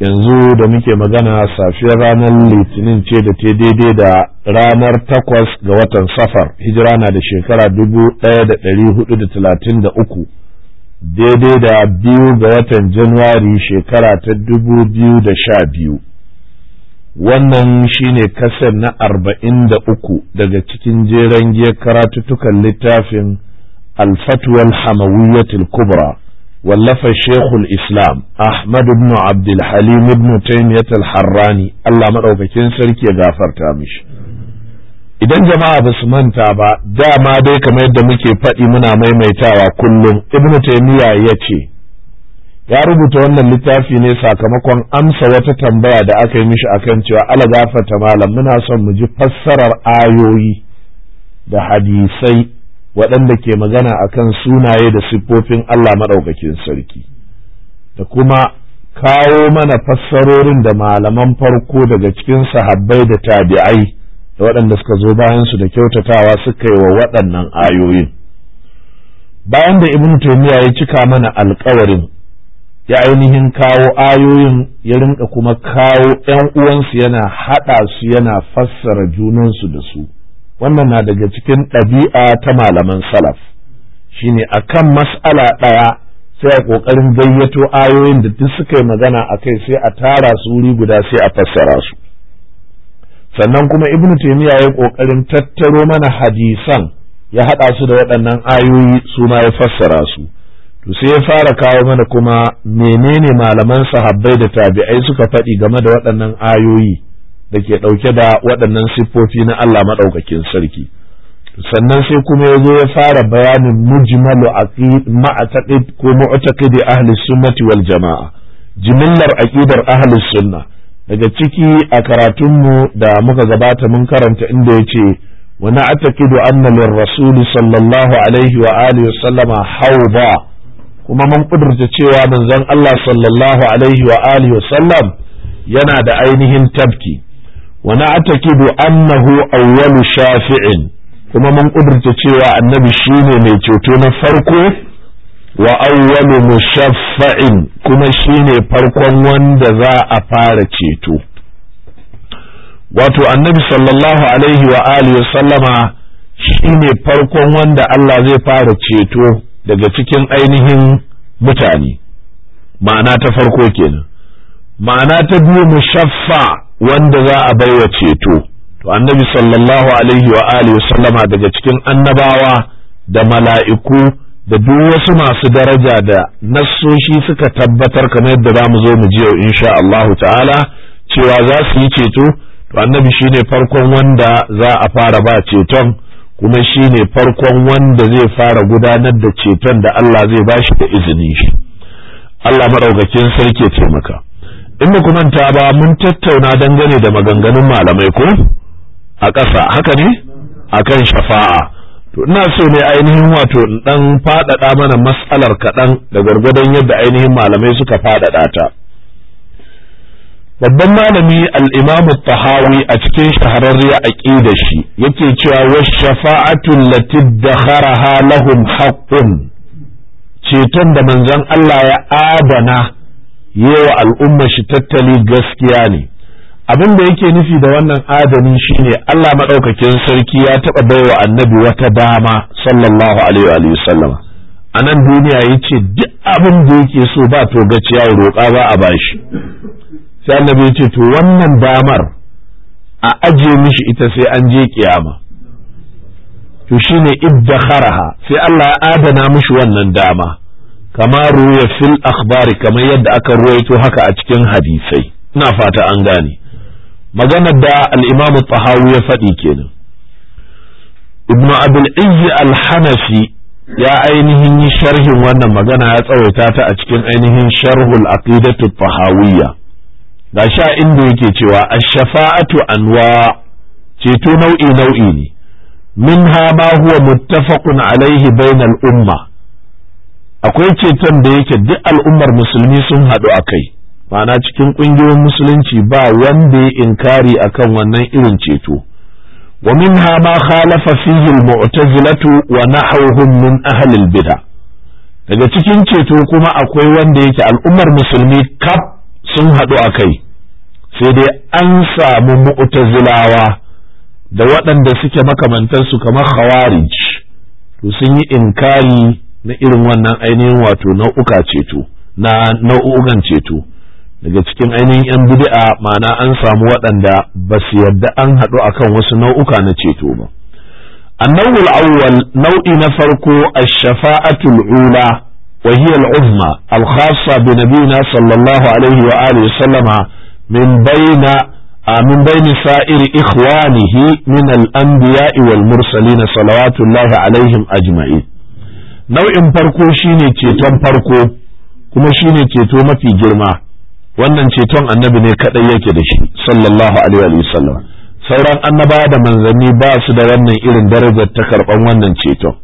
yanzu da muke magana safiyar ranar litinin ce da ta daidai da ranar takwas ga watan safar hijira na da shekara dubu ɗaya da ɗari hudu da talatin da uku daidai da biyu ga watan januwari shekara ta dubu biyu da sha biyu wannan shine kasar na arba'in da uku daga cikin jeren giyar karatuttukan littafin alfatuwal hamawiyatul kubra ولف شيخ الإسلام أحمد بن عبد الحليم بن تيمية الحراني الله من أوبكين سركي غافر تامش idan jama'a ba su manta ba dama dai kamar yadda muke faɗi muna maimaitawa kullum ibn taymiya ya ce ya rubuta wannan littafi ne sakamakon amsa wata tambaya da aka yi mishi akan cewa ala gafarta malam muna son mu ji fassarar ayoyi da hadisai waɗanda ke magana a kan sunaye da siffofin Allah maɗaukakin sarki da kuma kawo mana fassarorin da malaman farko daga cikin sahabbai da tabi'ai da waɗanda suka zo bayansu da kyautatawa suka yi wa waɗannan ayoyin bayan da ibn ya cika mana alkawarin ya ainihin kawo ayoyin ya rinka kuma kawo ‘yan uwansu yana haɗa su yana fassara junansu da su wannan na daga cikin ɗabi'a ta malaman salaf shine akan mas'ala ɗaya sai a ƙoƙarin gayyato ayoyin da duk suka yi magana a kai sai a tara su wuri guda sai a fassara su sannan kuma ibn taimiya ya ƙoƙarin tattaro mana hadisan ya haɗa su da waɗannan ayoyi su ma ya fassara su to sai ya fara kawo mana kuma menene malaman sahabbai da tabi'ai suka faɗi game da waɗannan ayoyi da ke ɗauke da waɗannan siffofi na Allah maɗaukakin sarki sannan sai kuma ya zo ya fara bayanin mujmalu ma'ataqid ko mu'taqidi ahli sunnati wal jama'a jimillar aqidar ahli sunna daga ciki a karatunmu da muka gabata mun karanta inda ya ce wa na'taqidu anna lirrasuli sallallahu alaihi wa alihi sallama hawda kuma mun kudurta cewa manzon Allah sallallahu alaihi wa alihi wa sallam yana da ainihin tabki wa na'taqidu annahu auwalu shafi'in kuma mun kudurta cewa annabi shine mai ceto na farko wa awwalu mushaffa'in kuma shine farkon wanda za a fara ceto wato annabi sallallahu alaihi wa alihi sallama shine farkon wanda Allah zai fara ceto daga cikin ainihin mutane ma'ana ta farko kenan ma'ana ta biyu mushaffa wanda za a baiwa ceto to annabi sallallahu alaihi wa alihi sallama daga cikin annabawa da mala'iku da duk wasu masu daraja da nassoshi suka tabbatar kamar yadda za mu zo mu ji yau insha Allah ta'ala cewa za su yi ceto to annabi shine farkon wanda za a fara ba ceton kuma shine farkon wanda zai fara gudanar da ceton da Allah zai bashi da izini. shi Allah madaukakin sarki ya taimaka in ba manta ba mun tattauna dangane da maganganun malamai ko a ƙasa haka ne a kan shafa'a to ina so ne ainihin wato in dan faɗaɗa mana mas'alar kaɗan da gwargwadon yadda ainihin malamai suka faɗaɗa ta babban malami al-imamu tahawi a cikin shahararri a aqida shi yake cewa wa shafa'atu lati dakharaha lahum haqqun ceton da manzon Allah ya adana yewa al'ummar shi tattali gaskiya ne abin da yake nufi da wannan adani shine Allah maɗaukakin sarki ya taɓa baiwa annabi wata dama sallallahu alaihi wa sallam a nan duniya ya ce duk abin da yake so ba to gaciya roƙa ba a bashi sai annabi ya ce to wannan damar a aje mishi ita sai an je kiyama to shine kharaha sai Allah ya adana mishi wannan dama kama ya fil akhbari kamar yadda aka ruwaito haka a cikin hadisai ina fata an gane maganar da al-imam tahawi ya faɗi kenan ibnu abul izzi al ya ainihin yi sharhin wannan magana ya tsawaita ta a cikin ainihin sharhul aqidatu tahawiyya ga sha inda yake cewa ash-shafa'atu anwa ceto nau'i nau'i ne minha ma huwa muttafaqun alaihi bainal umma akwai ceton da yake duk al'ummar musulmi sun haɗu a kai mana cikin ƙungiyoyin musulunci ba wanda ya inkari akan wannan irin ceto wa ha ma khalafa fihi al-mu'tazilatu wa nahawhum min ahli bida daga cikin ceto kuma akwai wanda yake al'ummar musulmi kaf sun haɗu a kai sai dai an samu mu'tazilawa da waɗanda suke makamantansu kamar khawarij to sun yi inkari na irin wannan ainihin wato nau'uka ceto na nau'ugan ceto daga cikin ainihin yan bid'a ma'ana an samu waɗanda ba su yadda an haɗu a kan wasu nau'uka na ceto ba annawul awwal nau'i na farko ash-shafa'atul ula wa hiya al-uzma al-khassa bi sallallahu alaihi wa alihi sallama min bayna من بين سائر إخوانه من الأنبياء والمرسلين صلوات الله عليهم nau'in farko shine ceton farko kuma shine ceto mafi girma wannan ceton annabi ne kadai yake da shi sallallahu alaihi wa sauran annabawa da manzanni ba su da wannan irin darajar ta karban wannan ceton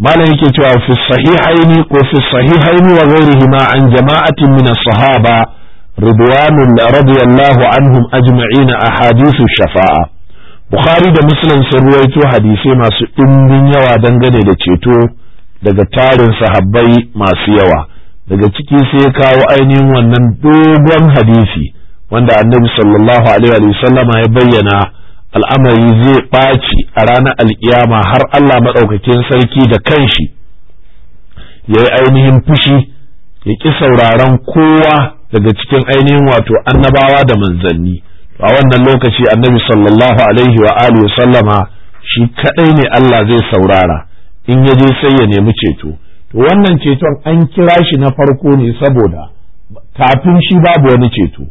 malam yake cewa fi sahihaini ko fi sahihaini wa ghairihima an jama'atin min as-sahaba رضوان رضي الله عنهم أجمعين أحاديث الشفاعة Bukhari da Muslim sun ruwaito hadisai masu ɗimbin yawa dangane da ceto daga tarin sahabbai masu yawa daga ciki sai ya kawo ainihin wannan dogon hadisi wanda annabi sallallahu alaihi wasallama ya bayyana al'amari zai ɓaci a ranar alkiyama har Allah maɗaukakin sarki da kanshi ya yi ainihin fushi ya ƙi sauraron kowa daga cikin ainihin wato annabawa da manzanni a wannan lokaci annabi sallallahu alaihi wa alihi sallama shi kaɗai ne Allah zai saurara in ya je sai ya nemi ceto to wannan ceton an kira shi na farko ne saboda kafin shi babu wani ceto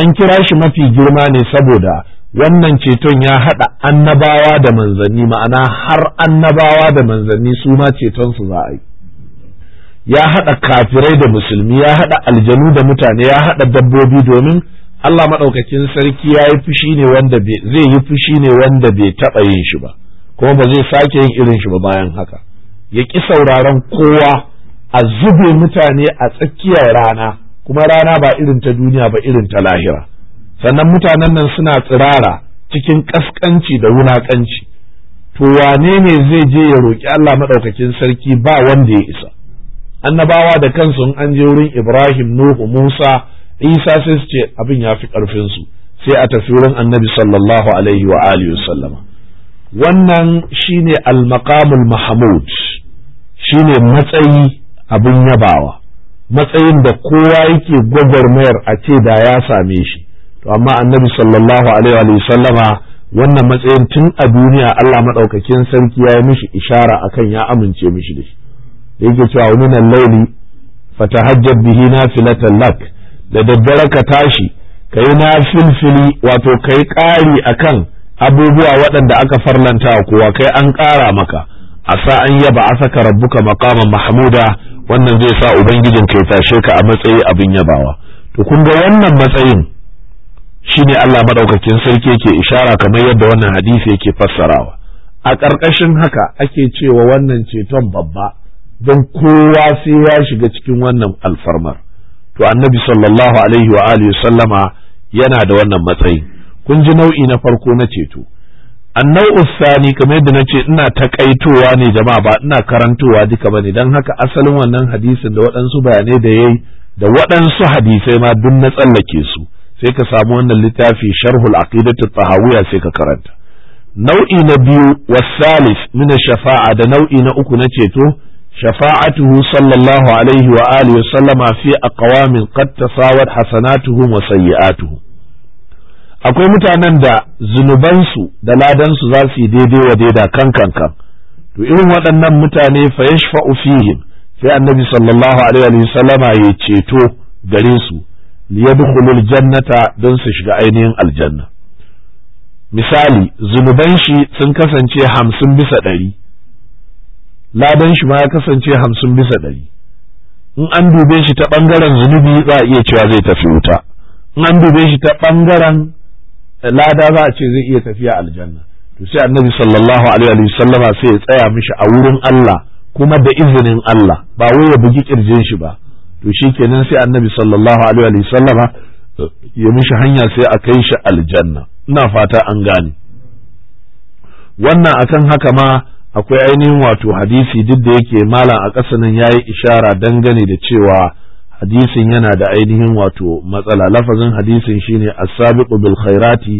an kira shi mafi girma ne saboda wannan ceton ya haɗa annabawa da manzanni ma'ana har annabawa da manzanni su ma cetonsu za a yi ya haɗa kafirai da musulmi ya haɗa aljanu da mutane ya haɗa dabbobi domin Allah maɗaukakin sarki ya fushi ne wanda zai yi fushi ne wanda bai taɓa yin shi ba kuma ba zai sake yin irin shi ba bayan haka ya ƙi sauraron kowa a zube mutane a tsakiyar rana kuma rana ba irin ta duniya ba irin ta lahira sannan mutanen nan suna tsirara cikin ƙasƙanci da wulaƙanci to wane ne zai je ya roƙi Allah maɗaukakin sarki ba wanda ya isa annabawa da kansu in an je wurin Ibrahim Nuhu Musa Isa sai su ce abin ya fi ƙarfinsu sai a tafi wurin annabi sallallahu alaihi wa alihi wannan shine al-maqamul mahmud shine matsayi abin yabawa matsayin da kowa yake gwagwarmayar a ce da ya same shi to amma annabi sallallahu alaihi wa sallama wannan matsayin tun a duniya Allah madaukakin sarki ya yi mishi ishara akan ya amince mishi da shi da yake cewa wa minal layli fatahajjab bihi nafilatan lak da daddare ka tashi kai na filfili wato kai ƙari akan abubuwa waɗanda aka farlanta wa kowa kai an ƙara maka a sa an yaba a saka rabbuka makaman mahmuda wannan zai sa ubangijin kai tashe ka a matsayi abin yabawa to kun ga wannan matsayin shine Allah madaukakin sarki yake ishara kamar yadda wannan hadisi yake fassarawa a ƙarƙashin haka ake cewa wannan ceton babba don kowa sai ya shiga cikin wannan alfarmar to annabi sallallahu alaihi wa alihi sallama yana da wannan matsayin kun ji nau'i na farko na ceto annau usani kamar yadda nace ina takaitowa ne jama'a ba ina karantowa duka bane dan haka asalin wannan hadisin da waɗansu bayanai da yayi da waɗansu hadisai ma duk na tsallake su sai ka samu wannan littafi sharhul aqidatu tahawiyya sai ka karanta nau'i na biyu wasalis min shafa'a da nau'i na uku na ceto shafa'atuhu sallallahu alaihi wa alihi wa sallama fi aqwamin qad tasawat hasanatuhum wa sayyi'atuhum akwai mutanen da zunubansu da ladansu za su yi daidai wa daida kan kan kan to irin waɗannan mutane fa yashfa'u fihim sai annabi sallallahu alaihi wa sallama ya ceto gare su liyadkhulul jannata don su shiga ainihin aljanna misali zunuban shi sun kasance hamsin bisa ɗari ladan shi ma ya kasance hamsin bisa ɗari in an dube shi ta ɓangaren zunubi za a iya cewa zai tafi wuta in an dube shi ta ɓangaren lada za a ce zai iya tafiya aljanna to sai annabi sallallahu alaihi wasallama sai ya tsaya mishi a wurin Allah kuma da izinin Allah ba wai ya bugi kirjin shi ba to shikenan sai annabi sallallahu alaihi wasallama eh, ya mishi hanya sai a kai shi aljanna ina fata an gane wannan akan haka ma akwai ainihin wato hadisi duk da yake malam a ƙasa nan yayi ishara dangane da cewa hadisin yana da ainihin wato matsala lafazin hadisin shine as-sabiqu bil khairati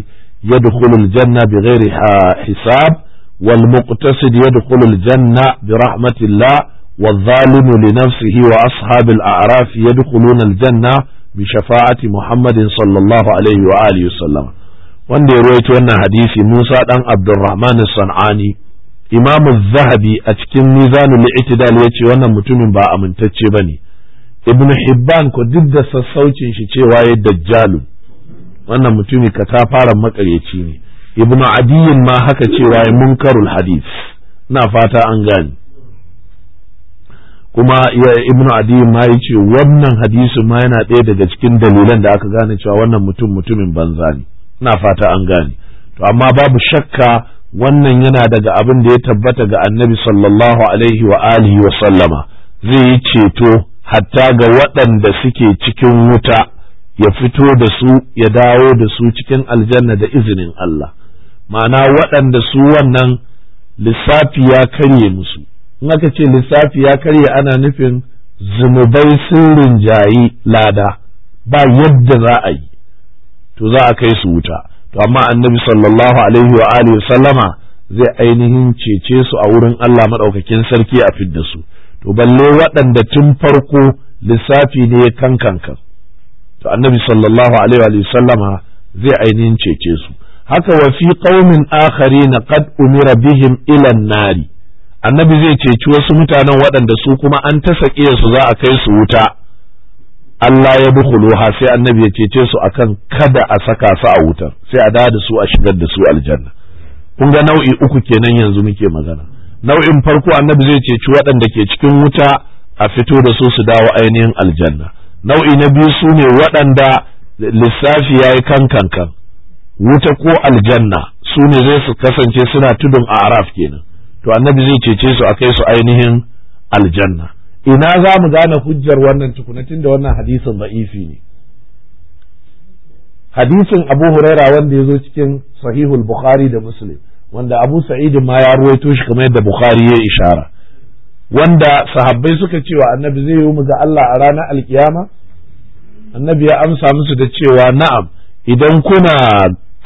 yadkhulu al-janna bighairi hisab wal muqtasid yadkhulu al-janna bi rahmatillah wal zalimu li nafsihi wa ashabil a'raf yadkhuluna al-janna bi shafa'ati muhammadin sallallahu wanda ya rawaito wannan hadisi Musa dan Abdurrahman as-Sanani Imam zahabi a cikin Mizanul I'tidal yace wannan mutumin ba amintacce ne. ibn hibban ko duk da sassaucin shi cewa ya dajjalu wannan mutumi ka ta fara makaryaci ne ibn adiyin ma haka cewa ya munkarul hadith na fata an gani kuma ya ibn adiyin ma ya ce wannan hadisi ma yana ɗaya daga cikin dalilan da aka gane cewa wannan mutum mutumin banza ne na fata an gane to amma babu shakka wannan yana daga abin da ya tabbata ga annabi sallallahu alaihi wa alihi wa sallama zai yi ceto hatta ga waɗanda suke cikin wuta ya fito da su ya dawo da su cikin aljanna da izinin Allah ma'ana waɗanda su wannan lissafi ya karye musu in aka ce lissafi ya karye ana nufin zunubai sun rinjayi lada ba yadda za a yi to za a kai su wuta to amma annabi sallallahu alaihi wa alihi sallama zai ainihin cece su a wurin Allah madaukakin sarki a fidda su to balle waɗanda tun farko lissafi ne ya kankankan to annabi sallallahu alaihi wa sallama zai ainihin cece su haka wa fi qaumin na qad umira bihim ila nari annabi zai ceci wasu mutanen waɗanda su kuma an ta sake su za a kai su wuta Allah ya ha sai annabi ya cece su akan kada a saka su a wutar sai a da su a shigar da su aljanna kun ga nau'i uku kenan yanzu muke magana nau'in farko annabi zai ceci waɗanda ke cikin wuta a fito da su su dawo ainihin aljanna nau'i na biyu su ne waɗanda lissafi ya yi kankankan wuta ko aljanna su ne zai su kasance suna tudun a araf kenan to annabi zai cece su a kai su ainihin aljanna ina za mu gane hujjar wannan tukunatin da wannan hadisin ba'ifi ne hadisin abu huraira wanda ya zo cikin sahihul bukhari da muslim wanda abu sa'id ma ya ruwaito shi kamar yadda bukhari ya ishara wanda sahabbai suka cewa annabi zai yi mu ga Allah a ranar alkiyama annabi ya amsa musu da cewa na'am idan kuna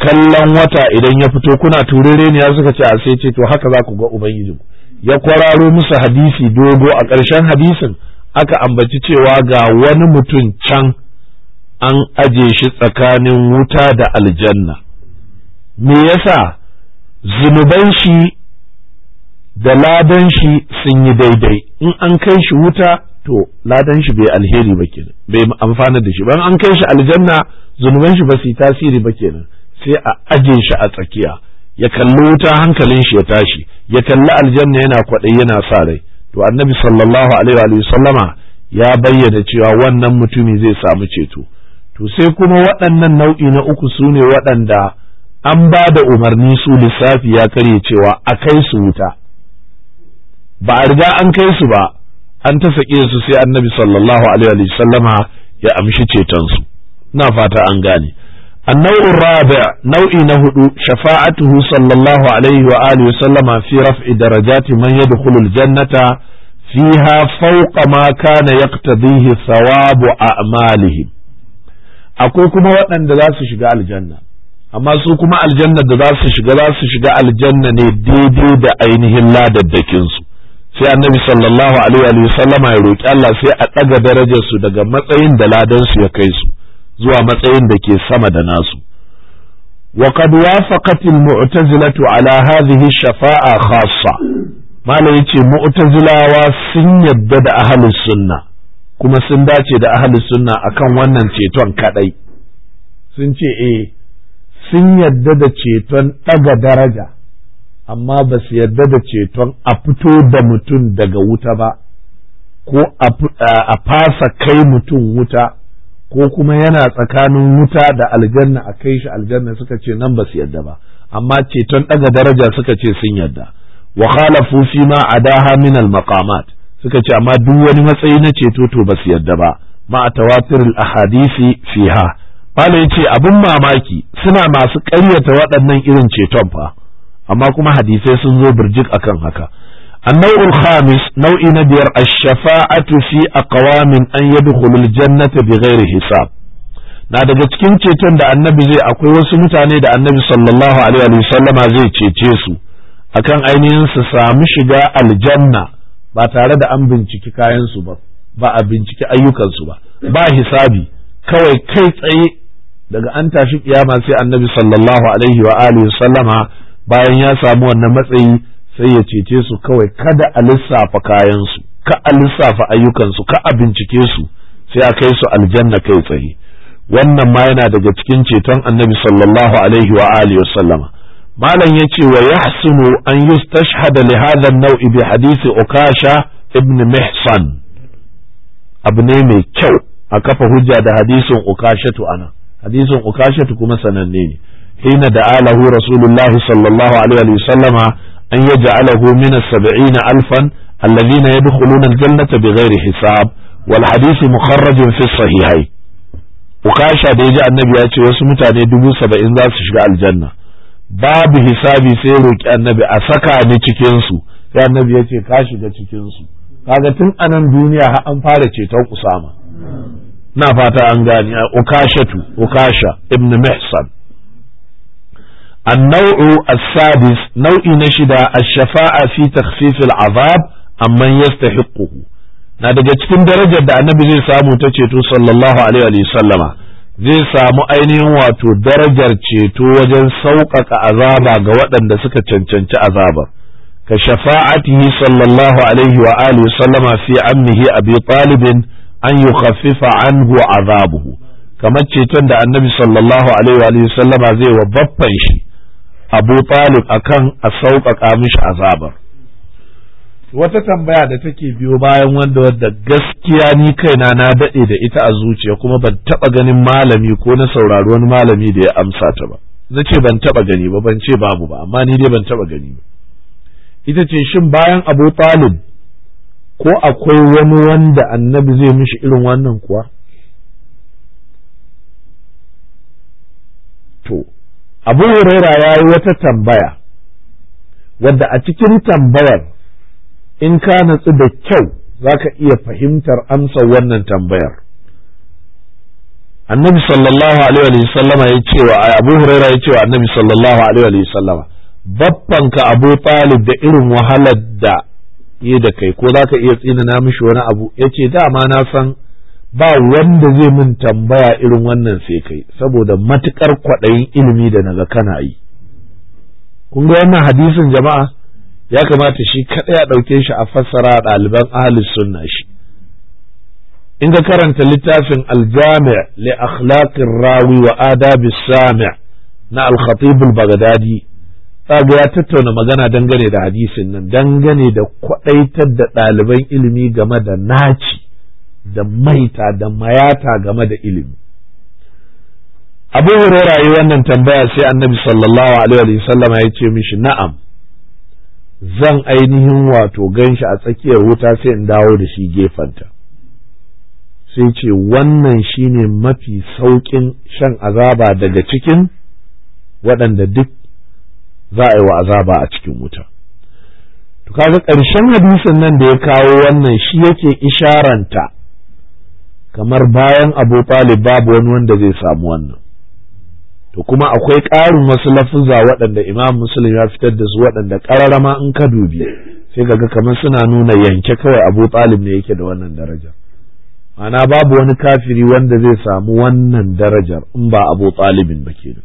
kallon wata idan ya fito kuna turereniya suka ce a sai ce to haka za ku ga ubangiji ya kwararo musu hadisi dogo a ƙarshen hadisin aka ambaci cewa ga wani mutum can an aje shi tsakanin wuta da aljanna me yasa zunuban shi da ladan shi sun yi daidai in an kai shi wuta to ladan shi bai alheri ba kenan bai amfana da shi ba an kai shi aljanna zunuban shi ba su yi tasiri ba kenan sai a aje shi a tsakiya ya kalli wuta hankalin shi ya tashi ya kalli aljanna yana kwaɗayi yana sa rai to annabi sallallahu alaihi wa sallama ya bayyana cewa wannan mutumi zai samu ceto to sai kuma waɗannan nau'i na uku su ne waɗanda an ba da umarni su lissafi ya karye cewa a kai su wuta ba a riga an kai su ba an ta sake su sai annabi sallallahu alaihi sallama ya amshi cetonsu na fata an gane annau'in rabi nau'i na hudu shafa'atuhu sallallahu alaihi wa alihi sallama fi raf'i darajati man yadkhulul jannata fiha fawqa ma kana yaqtadihi thawabu a'malihim akwai kuma waɗanda za su shiga aljanna amma su kuma aljanna da za su shiga za su shiga aljanna ne daidai da ainihin ladaddakin su sai annabi sallallahu alaihi wa sallama ya roki Allah sai a daga darajar su daga matsayin da ladan su ya kai su zuwa matsayin da ke sama da nasu وقد mu'tazilatu ala shafa'a shafa'a khassa malai yace sun sun yadda da ahlus sunna sun sun dace da ahlus sunna akan wannan ceton kadai Sun ce eh sun yadda da ceton ɗaga daraja amma ba su yadda da ceton a fito da mutum daga wuta ba ko a fasa kai mutum wuta ko kuma yana tsakanin wuta da aljanna a kai shi aljanna suka ce nan ba su yadda ba amma ceton ɗaga daraja suka ce sun yadda wa fi ma adaha min al maqamat suka ce amma duk wani matsayi na ceto to ba su yadda ba ma tawatir al ahadisi fiha Malam ya ce abin mamaki suna masu ƙaryata waɗannan irin ceton fa amma kuma hadisai sun zo birjik akan haka khamis nau'i na biyar a الشفاعة في أقوام أن يدخلوا jannata بغير hisab na daga cikin ceton da annabi zai akwai wasu mutane da annabi sallallahu alaihi wa sallama zai cece su akan ainihin su samu shiga aljanna ba tare da an binciki kayansu ba ba a binciki ayyukansu ba ba hisabi kawai kai tsaye daga an tashi kiyama sai annabi sallallahu alaihi wa alihi sallama bayan ya samu wannan matsayi sai ya cece su kawai kada a lissafa kayansu ka a lissafa ayyukansu ka a bincike su sai a kai su aljanna kai tsaye wannan ma yana daga cikin ceton annabi sallallahu alaihi wa alihi sallama malam yace wa yahsunu an yustashhada li hadha an-naw'i bi hadisi ukasha ibn mihsan abu ne mai kyau a kafa hujja da hadisin ukashatu anan hadisin ukashatu kuma sananne ne hina da alahu rasulullahi sallallahu alaihi wa sallama an yaj'alahu min as-70 alfan alladhina yadkhuluna al-jannata bighairi hisab wal hadisi mukharrajun fi sahihai ukasha da yaji annabi ya ce wasu mutane dubu saba'in za su shiga aljanna babu hisabi sai roki annabi a saka ni cikin su sai annabi ya ce ka shiga cikin su kaga tun anan duniya har an fara ceton kusama na fata an gani ukashatu ukasha ibn mihsan النوع السادس نوع نشدا الشفاعة في تخفيف العذاب أمن يستحقه na daga cikin darajar da annabi zai samu ta ceto sallallahu alaihi sallama zai samu ainihin wato darajar ceto wajen sauƙaƙa azaba ga waɗanda suka cancanci azabar ka shafa'atihi sallallahu alaihi wa alihi sallama fi ammihi abi talibin an yi khaffifa ango azabuhu kamar ceton da annabi sallallahu alaihi wa sallama zai wa baffan shi abu talib akan a sauƙaƙa mishi azabar wata tambaya da take biyo bayan wanda wadda gaskiya ni kaina na daɗe da ita a zuciya kuma ban taɓa ganin malami ko na saurari wani malami da ya amsa ta ba na ce ban taɓa gani ba ban ce babu ba amma ni dai ban taɓa gani ba ita ce shin bayan abu talib ko akwai wani wanda annabi zai mishi irin wannan kuwa to abu huraira ya yi wata tambaya wadda a cikin tambayar in ka natsu da kyau za ka iya fahimtar amsar wannan tambayar annabi sallallahu alaihi sallama ya ce wa abu huraira ya ce wa annabi sallallahu alaihi Babban baffanka abu talib da irin wahalar da yi da kai ko za ka iya tsinana mishi wani abu ya ce dama na san ba wanda zai min tambaya irin wannan sai kai saboda matukar kwaɗayin ilimi da naga kana yi kun ga wannan hadisin jama'a ya kamata shi kaɗai a ɗauke shi a fassara ɗaliban ahalis sunna shi in ka karanta littafin aljami' li akhlaqir rawi wa adabis sami' na al-khatib al ga ya tattauna magana dangane da hadisin nan dangane da kwaɗaitar da ɗaliban ilimi game da naci da maita da mayata game da ilimi abu hurera yi wannan tambaya sai annabi sallallahu alaihi sallama ya ce mishi na'am zan ainihin wato ganshi a tsakiyar wuta sai in dawo da shi gefanta. sai ce wannan shine mafi sauƙin shan azaba daga cikin waɗanda duk za a yi wa azaba a cikin wuta to kaga ƙarshen hadisin nan da ya kawo wannan shi yake isharanta kamar bayan abu talib babu wani wanda zai samu wannan to kuma akwai ƙarin wasu lafuza waɗanda imam muslim ya fitar da su waɗanda ƙararama in ka dubi sai kaga kamar suna nuna yanke kawai abu talib ne yake da wannan daraja ma'ana babu wani kafiri wanda zai samu wannan darajar in ba abu talibin ba kenan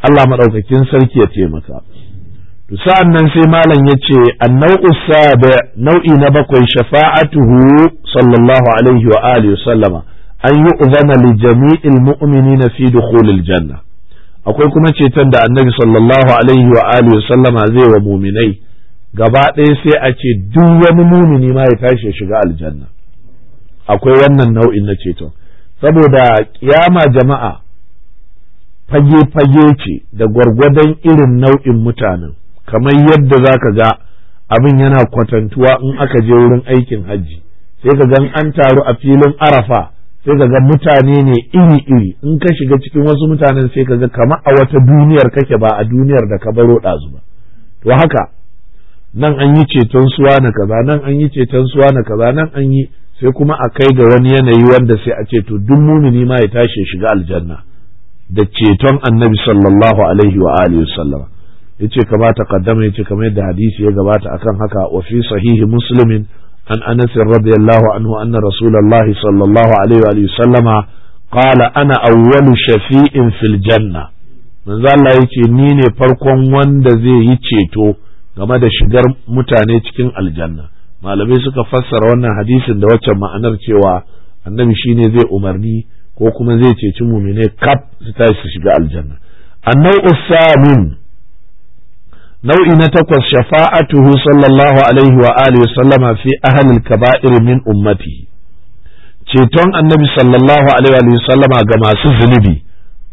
Allah maɗaukakin sarki ya taimaka to sa'an nan sai malam ya ce annau'u sabi nau'i na bakwai shafa'atuhu sallallahu alaihi wa alihi sallama an yi uzana li jami'il na fi dukhulil janna akwai kuma ceton da annabi sallallahu alaihi wa alihi sallama zai wa muminai gaba ɗaya sai a ce duk wani mumini ma ya tashi ya shiga aljanna akwai wannan nau'in na ceton saboda kiyama jama'a fage-fage ce da gwargwadon irin nau'in mutanen kamar yadda za ka ga abin yana kwatantuwa in aka je wurin aikin hajji sai ka gan an taru a filin arafa sai ka ga mutane ne iri-iri in ka shiga cikin wasu mutanen sai ka ga kamar a wata duniyar kake ba a duniyar da ka baro ɗazu ba to haka nan an yi ceton suwa na kaza nan an yi ceton suwa na kaza nan an yi sai kuma a kai ga wani yanayi wanda sai a ce to duk mumini ma ya tashi shiga aljanna da ceton annabi sallallahu alaihi wa alihi sallama yace kama taqaddama yace kamar yadda hadisi ya gabata akan haka wa fi sahihi muslimin an anas radiyallahu anhu anna rasulullahi sallallahu alaihi wa alihi sallama qala ana awwalu shafi'in fil janna manzo Allah yace ni ne farkon wanda zai yi ceto game da shigar mutane cikin aljanna malamai suka fassara wannan hadisin da waccan ma'anar cewa annabi shine zai umarni ko kuma zai ceci mumine kaf su tashi su shiga aljanna annau samin nau'i na takwas shafa'atuhu sallallahu alaihi wa alihi wa sallama fi ahlil kaba'ir min ummati ceton annabi sallallahu alaihi wa sallama ga masu zunubi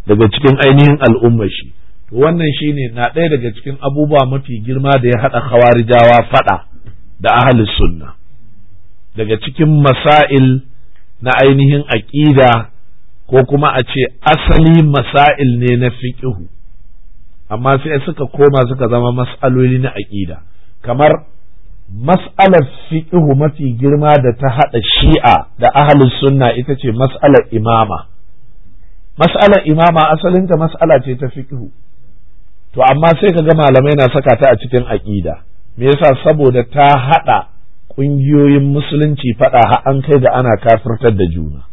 daga cikin ainihin al'ummar shi wannan shine na ɗaya daga cikin abubuwa mafi girma da ya haɗa khawarijawa faɗa da ahli sunna daga cikin masail na ainihin aƙida ko kuma a ce asali masail ne na fiƙihu amma sai suka koma suka zama mas'aloli na aƙida kamar mas'alar fiƙihu mafi girma da ta haɗa shi'a da ahalin sunna ita ce mas'alar imama mas'alar imama asalinta mas'ala ce ta fiƙihu to amma sai ka ga malamai na saka ta a cikin aƙida me yasa saboda ta haɗa ƙungiyoyin musulunci faɗa har an kai da ana kafirtar da juna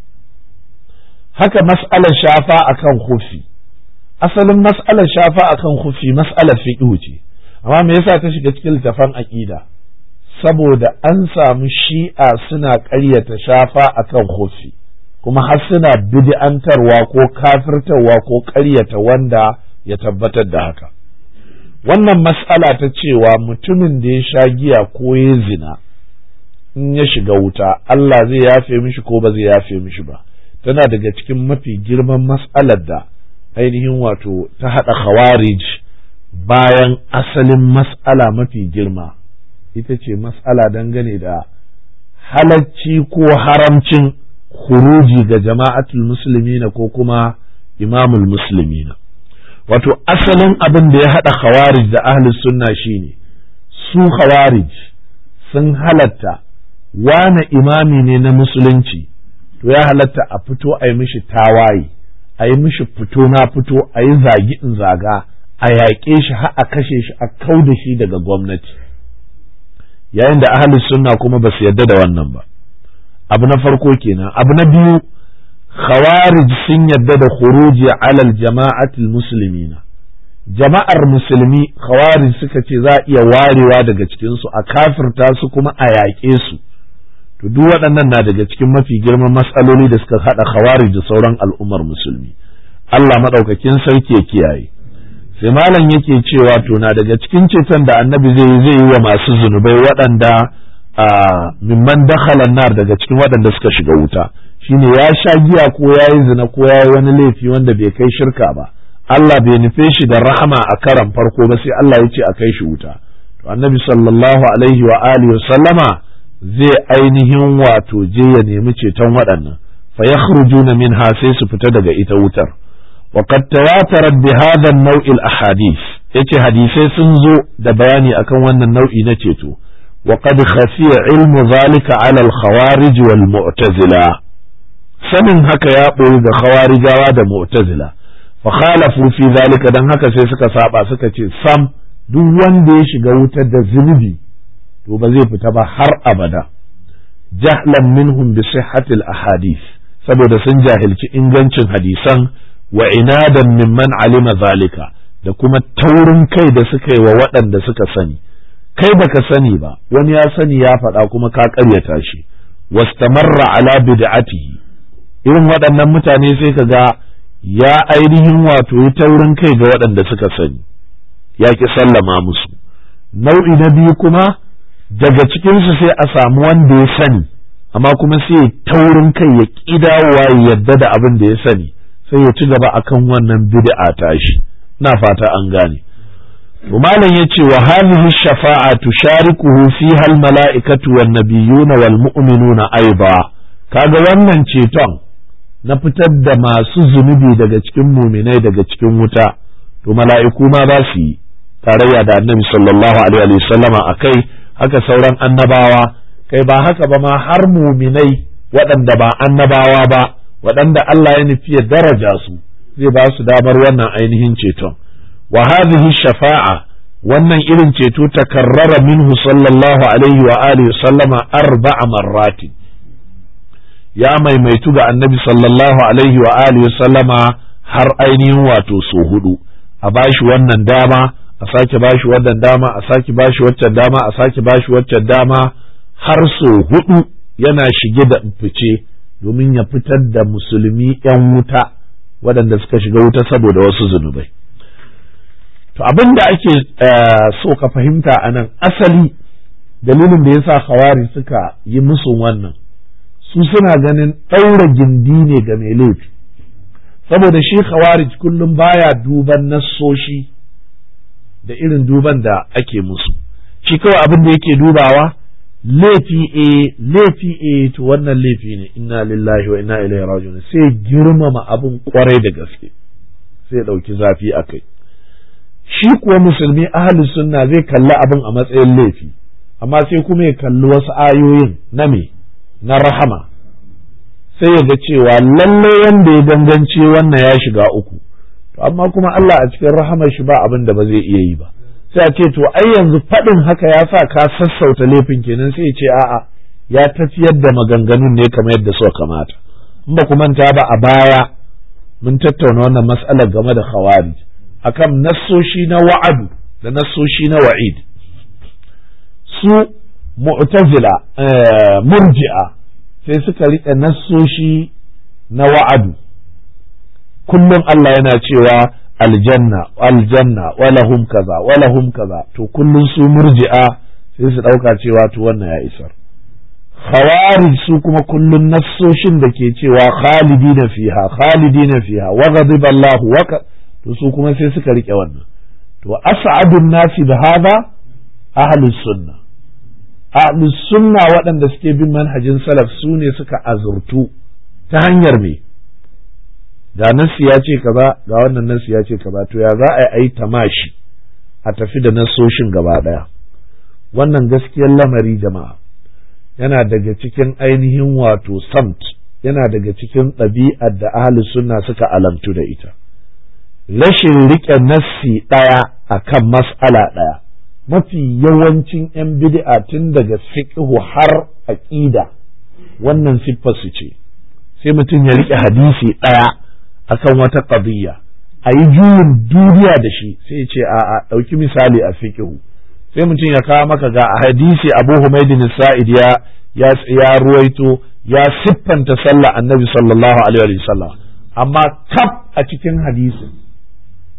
haka mas'alar shafa akan hufi asalin mas'alar shafa akan hufi mas'alar fiqh ce amma me yasa ta shiga cikin littafan aƙida? saboda an samu shi'a suna ƙaryata shafa akan hufi kuma har suna bid'antarwa ko kafirtarwa ko ƙaryata wanda ya tabbatar da haka wannan mas'ala ta cewa mutumin da ya sha giya ko ya zina in ya shiga wuta Allah zai yafe mishi ko ba zai yafe mishi ba tana daga cikin mafi girman mas'alar da ainihin wato ta haɗa khawarij bayan asalin mas'ala mafi girma ita ce mas'ala dangane da halacci ko haramcin huruji ga jama'atul musulmina ko kuma imamul musulmina wato asalin abin da ya haɗa khawarij da ahli sunna shine su khawarij sun halatta wane imami ne na musulunci to ya halatta a fito a yi mishi tawaye a yi mishi fito na fito a yi zagi in zaga a yaƙe shi har a kashe shi a kau da shi daga gwamnati yayin da ahli sunna kuma ba su yarda da wannan ba abu na farko kenan abu na biyu khawarij sun yarda da khuruji alal jama'atul muslimina jama'ar musulmi khawarij suka ce za a iya warewa daga cikin su a kafirta su kuma a yaƙe su to duk waɗannan na daga cikin mafi girman matsaloli da suka haɗa khawari da sauran al'ummar musulmi Allah maɗaukakin sarki ya kiyaye sai malam yake cewa to na daga cikin ceton da annabi zai zai yi wa masu zunubai waɗanda a mimman dakhalan nar daga cikin waɗanda suka shiga wuta shine ya sha giya ko ya yi zina ko ya wani laifi wanda bai kai shirka ba Allah bai nufe shi da rahama a karan farko ba sai Allah ya ce a kai shi wuta to annabi sallallahu alaihi wa alihi sallama zai ainihin wato je ya nemi ceton waɗannan fa min ha sai su fita daga ita wutar wa qad tawatarat bi hadha an-naw'i al-ahadith yace hadisai sun zo da bayani akan wannan nau'i na ceto wa qad khafiya ilmu zalika ala al-khawarij wal mu'tazila sanin haka ya ɓoye ga khawarijawa da mu'tazila fa khalafu fi zalika dan haka sai suka saba suka ce sam duk wanda ya shiga wutar da zunubi to ba zai fita ba har abada jahlan minhum bi sihhatil ahadith saboda sun jahilci ingancin hadisan wa inadan mimman alima zalika da kuma taurin kai da suka yi wa waɗanda suka sani kai baka sani ba wani ya sani ya faɗa kuma ka ƙaryata shi wastamarra ala bid'atihi irin waɗannan mutane sai ka ga ya ainihin wato yi taurin kai ga waɗanda suka sani ya ki sallama musu nau'i na biyu kuma daga cikinsu sai a samu wanda ya sani amma kuma sai taurin kai ya ƙidawa ya yadda da abin da ya sani sai ya ci gaba akan wannan bid'a tashi na fata an gane To malam ya ce wa hadhihi shafa'a tusharikuhu fiha al mala'ikatu wan nabiyyuna wal mu'minuna aiba kaga wannan ceton na fitar da masu zunubi daga cikin muminai daga cikin wuta to mala'iku ma ba su yi tarayya da annabi sallallahu alaihi wa akai haka sauran annabawa kai ba haka ba ma har muminai waɗanda ba annabawa ba waɗanda Allah ya nufi ya daraja su zai ba su damar wannan ainihin ceton wa hadhihi shafa'a wannan irin ceto ta karrara minhu sallallahu alaihi wa alihi sallama arba'a marratin ya maimaitu ga annabi sallallahu alaihi wa alihi sallama har ainihin wato so hudu a bashi wannan dama a sake bashi wannan dama a sake bashi waccan dama a sake bashi waccan dama har so hudu yana shige da fice domin ya fitar da musulmi yan wuta waɗanda suka shiga wuta saboda wasu zunubai to abin da ake eh, so ka fahimta anan asali dalilin da yasa khawari suka yi musu wannan su suna ganin ɗaura gindi ne ga mai laifi saboda shi khawarij kullum baya duban nassoshi da irin duban da ake musu shi kawai abin da yake dubawa laifi a eh, laifi a eh, to wannan laifi ne inna lillahi wa inna ilaihi raji'un sai girmama abin kwarai da gaske sai dauki zafi a kai shi kuwa musulmi ahli sunna zai kalli abin a matsayin laifi amma sai kuma ya kalli wasu ayoyin na me na rahama sai ya ga cewa lalle wanda ya dangance wannan ya shiga uku amma kuma Allah a cikin rahamar shi ba abin da ba zai iya yi ba sai a ce to ai yanzu faɗin haka ya sa ka sassauta laifin kenan sai ya ce a'a ya tafiyar da maganganun ne kamar yadda suka kamata in ba ku manta ba a baya mun tattauna wannan matsalar game da khawari akan nasoshi na wa'adu da nasoshi na wa'id su mu'tazila eh, murji'a sai suka riƙe nassoshi na wa'adu kullum Allah yana cewa aljanna aljanna walahum kaza walahum kaza to kullum su murji'a sai su ɗauka cewa to wannan ya isar khawarij su kuma kullum nassoshin da ke cewa khalidina fiha khalidina fiha wa ghadiba Allah wa to su kuma sai suka rike wannan to as'adun nasi da hada ahlus sunna ahlus sunna waɗanda suke bin manhajin salaf su ne suka azurtu ta hanyar me ga nassi ya ce kaza ga wannan nassi ya ce kaza to ya za a yi tamashi a tafi da nasoshin gaba ɗaya wannan gaskiyar lamari jama'a yana daga cikin ainihin wato samt yana daga cikin ɗabi'ar da ahli sunna suka alamtu da ita rashin riƙe nasi ɗaya a kan mas'ala ɗaya mafi yawancin 'yan bidi'a tun daga fiqhu har aƙida wannan siffar su ce sai mutum ya riƙe hadisi ɗaya A akan wata qadiyya a yi juyin duniya da shi sai ce a ɗauki misali a fiƙihu sai mutum ya kawo maka ga a hadisi abu humaydin sa'id ya ya ruwaito ya siffanta sallah annabi sallallahu alaihi wa sallam amma kaf a cikin hadisin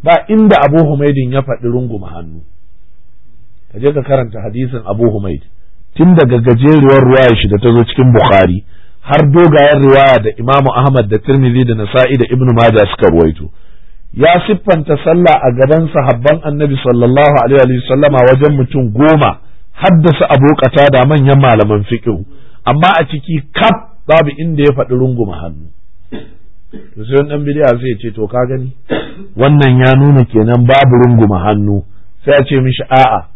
ba inda abu humaydin ya faɗi runguma hannu ka je ka karanta hadisin abu humayd tun daga gajeruwar ruwaya shi da ta zo cikin bukhari har dogayen riwaya da imamu ahmad da tirmidhi da nasa'i da ibnu maja suka ruwaito ya siffanta sallah a gaban sahabban annabi sallallahu alaihi wa sallama wajen mutum goma haddasa abokata da manyan malaman fiqh amma a ciki kaf babu inda ya faɗi runguma hannu to sai dan zai sai ce to ka gani wannan ya nuna kenan babu runguma hannu sai ya ce mishi a'a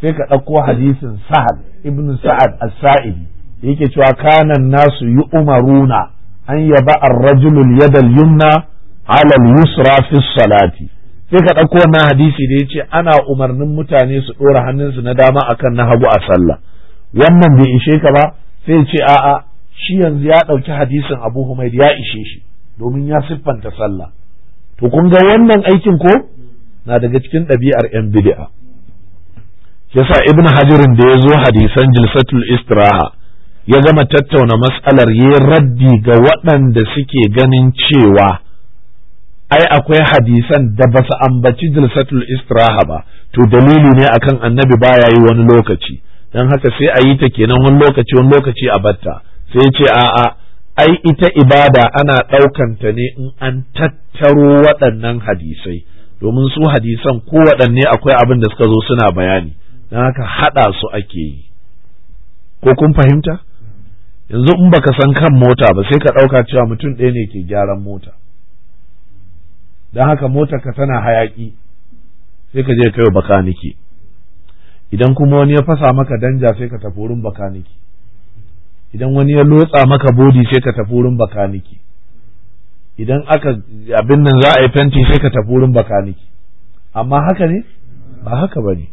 sai ka ɗauko hadisin sahal ibnu sa'ad as-sa'idi yake cewa kanan nasu yi umaruna an yaba ar-rajulul yadal yumna alal yusra fi salati sai ka ɗauko wannan hadisi da ya ce ana umarnin mutane su ɗora hannunsu na dama akan na hagu a sallah wannan bai ishe ka ba sai ya ce a'a shi yanzu ya ɗauki hadisin abu humaid ya ishe shi domin ya siffanta sallah to kun ga wannan aikin ko na daga cikin ɗabi'ar yan bid'a yasa ibn Hajirin da ya zo hadisan jilsatul istiraha ya gama tattauna matsalar ya raddi ga waɗanda suke ganin cewa ai akwai hadisan da ba su ambaci jilsatul istiraha ba to dalili ne akan annabi baya yi wani lokaci don haka sai a yi ta kenan wani lokaci wani lokaci a batta sai ce a'a ai ita ibada ana ɗaukanta ne in an tattaro waɗannan hadisai domin su hadisan ko waɗanne akwai abin da suka zo suna bayani don haka haɗa su ake yi ko kun fahimta yanzu in baka san kan mota ba sai ka ɗauka cewa mutum ɗaya ne ke gyaran mota don haka mota ka tana hayaƙi sai ka je kai bakaniki idan kuma wani ya fasa maka danja sai ka tafi wurin bakaniki idan wani ya lotsa maka bodi sai ka tafi wurin bakaniki idan aka abin nan za a yi fenti sai ka tafi wurin bakaniki amma haka ne ba haka ba ne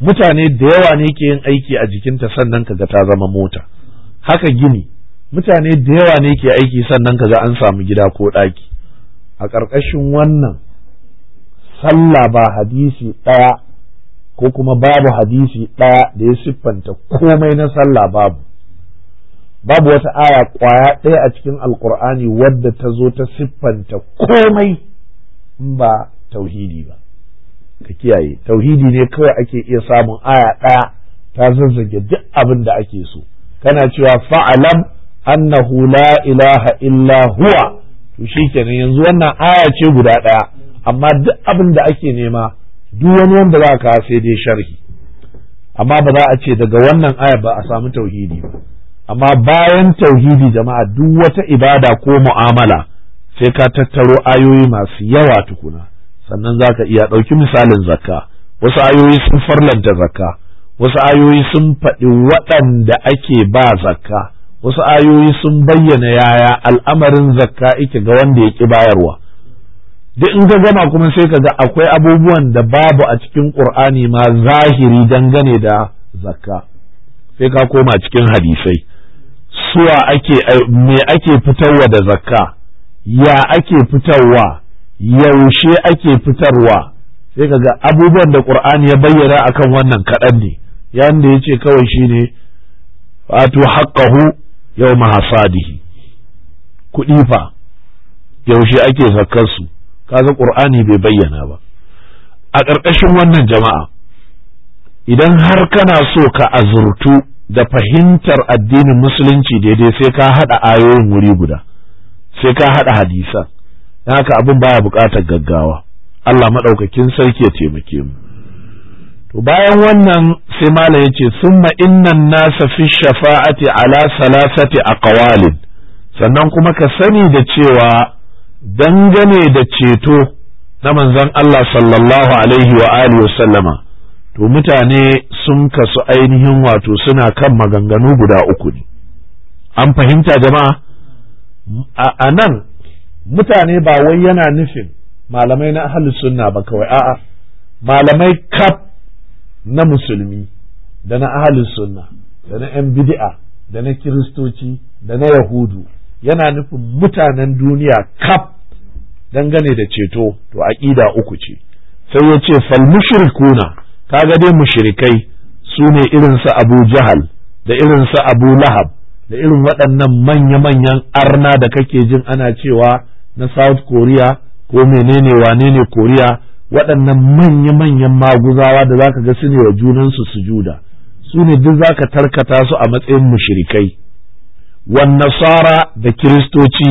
mutane da yawa ne ke yin aiki a jikinta sannan ka ga ta zama mota haka gini mutane da yawa ne ke aiki sannan kaga an samu gida ko ɗaki a ƙarƙashin wannan sallah ba hadisi ɗaya ko kuma babu hadisi ɗaya da ya siffanta komai na sallah babu babu wata aya ƙwaya ɗaya a cikin alkur'ani wadda ta zo ta siffanta komai in ba tauhidi ba ka kiyaye tauhidi ne kawai ake iya samun aya ɗaya ta zazzage duk abin da ake so kana cewa fa'alam annahu la ilaha illa huwa to shikenan yanzu wannan aya ce guda ɗaya amma duk abin da ake nema duk wani wanda za ka sai dai sharhi amma ba za a ce daga wannan aya ba a samu tauhidi ba amma bayan tauhidi jama'a duk wata ibada ko mu'amala sai ka tattaro ayoyi masu yawa tukuna sannan za ka iya ɗauki misalin zakka wasu ayoyi sun farlanta zakka wasu ayoyi sun faɗi waɗanda ake ba zakka wasu ayoyi sun bayyana yaya al'amarin zakka ike ga wanda ya ƙi bayarwa duk in ka gama kuma sai ka ga akwai abubuwan da babu a cikin ƙur'ani ma zahiri dangane da zakka sai ka koma cikin hadisai suwa ake me ake fitarwa da zakka ya ake fitarwa yaushe ake fitarwa sai ka ga abubuwan da ƙur'ani ya bayyana akan wannan kaɗan ne yanda ya ce kawai shi ne wato haƙƙahu yau mahasadihi kuɗi fa yaushe ake su kaga ƙur'ani bai bayyana ba a ƙarƙashin wannan jama'a idan har kana so ka azurtu da fahimtar addinin musulunci daidai sai ka haɗa ayoyin wuri guda sai ka haɗa hadisan haka abin baya buƙatar gaggawa Allah maɗaukakin sarki ya taimake mu bayan wannan sai mala ya ce summa innan nasa fi shafa'ati ala salasati aqwalin sannan kuma ka sani da cewa dangane da ceto na manzon Allah sallallahu alaihi wa alihi wa sallama to mutane sun kasu ainihin wato suna kan maganganu guda uku ne an fahimta jama'a a nan mutane ba wai yana nufin malamai na ahlus sunna ba kawai a'a malamai kaf na musulmi da na ahalin sunna da na 'yan bid'a da na kiristoci da na yahudu yana nufin mutanen duniya kaf dangane da ceto to aƙida uku ce sai ya ce fal mushrikuna kaga dai mushrikai su ne irin su abu jahal da irin su abu lahab da irin waɗannan manya-manyan arna da kake jin ana cewa na south korea ko menene wane ne korea waɗannan manya-manyan maguzawa da za ka ga su ne wa junansu su sujuda su ne duk ka tarkata su a matsayin mushrikai wannan nasara da kiristoci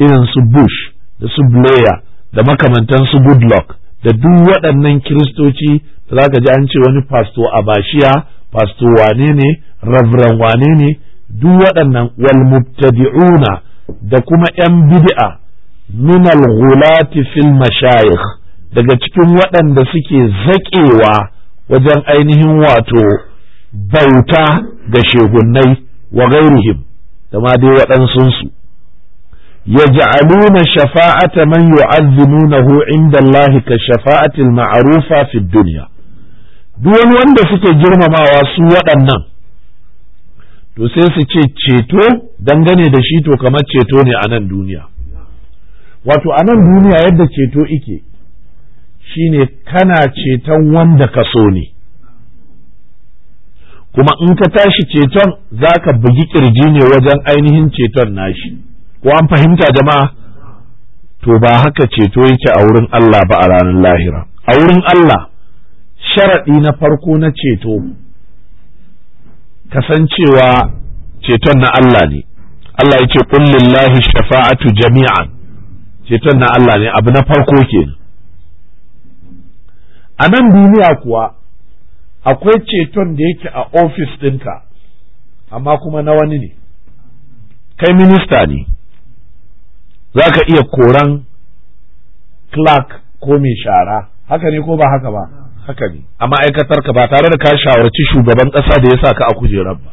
irin su bush da su blair da makamantan su goodluck da duk waɗannan kiristoci da za ka ji an ce wani pasto abashiya pasto wane ne reverend wane ne duk waɗannan wal mubtadi'una da kuma 'yan bid'a minal gulati fil mashayikh daga cikin waɗanda suke zaƙewa wajen ainihin wato bauta ga shegunnai wa gairihim da ma dai waɗansunsu ya ja'aluna shafa'ata man hu inda Allah ka shafa'atil ma'arufa fi duniya duk wani wanda suke girmamawa su waɗannan to sai su ce ceto dangane da shi to kamar ceto ne a nan duniya wato a nan duniya yadda ceto ike shine kana ceton wanda ka so ne kuma in ka tashi ceton za ka bugi kirji ne wajen ainihin ceton nashi ko an fahimta jama'a to ba haka ceto yake a wurin Allah ba a ranar lahira a wurin Allah sharaɗi na farko na ceto kasancewa ceton na Allah ne Allah ya ce kullillahi shafa'atu jami'an ceton na Allah ne abu na farko kenan a nan duniya kuwa akwai ceton da yake a ofis ɗinka amma kuma na wani ne kai minista ne za ka iya koran clark ko mai shara haka ne ko ba haka ba haka ne a ma'aikatarka ba tare da ka shawarci shugaban ƙasa da ya sa ka a kujerar ba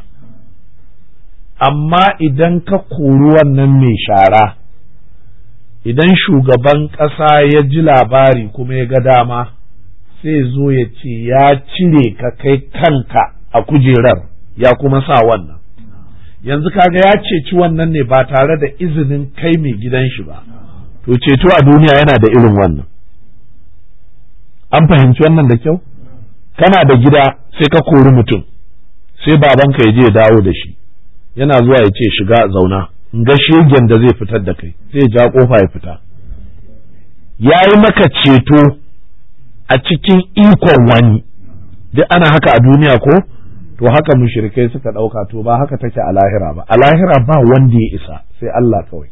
amma idan ka kori wannan mai shara idan shugaban ƙasa ya ji labari kuma ya ga dama sai zo ya ce ya cire ka kai kanka a kujerar ya kuma sa wannan yanzu kaga ya ceci wannan ne ba tare da izinin kai mai gidan shi ba to ceto a duniya yana da irin wannan an fahimci wannan da kyau kana da gida sai ka kori mutum sai babanka ya je ya dawo da shi yana zuwa ya ce shiga zauna in ga shegen da zai fitar da kai zai ja kofa ya fita ya yi maka ceto a cikin ikon wani duk ana haka a duniya ko to haka mushrikai suka ɗauka to ba haka take a lahira ba a lahira ba wanda ya isa sai Allah kawai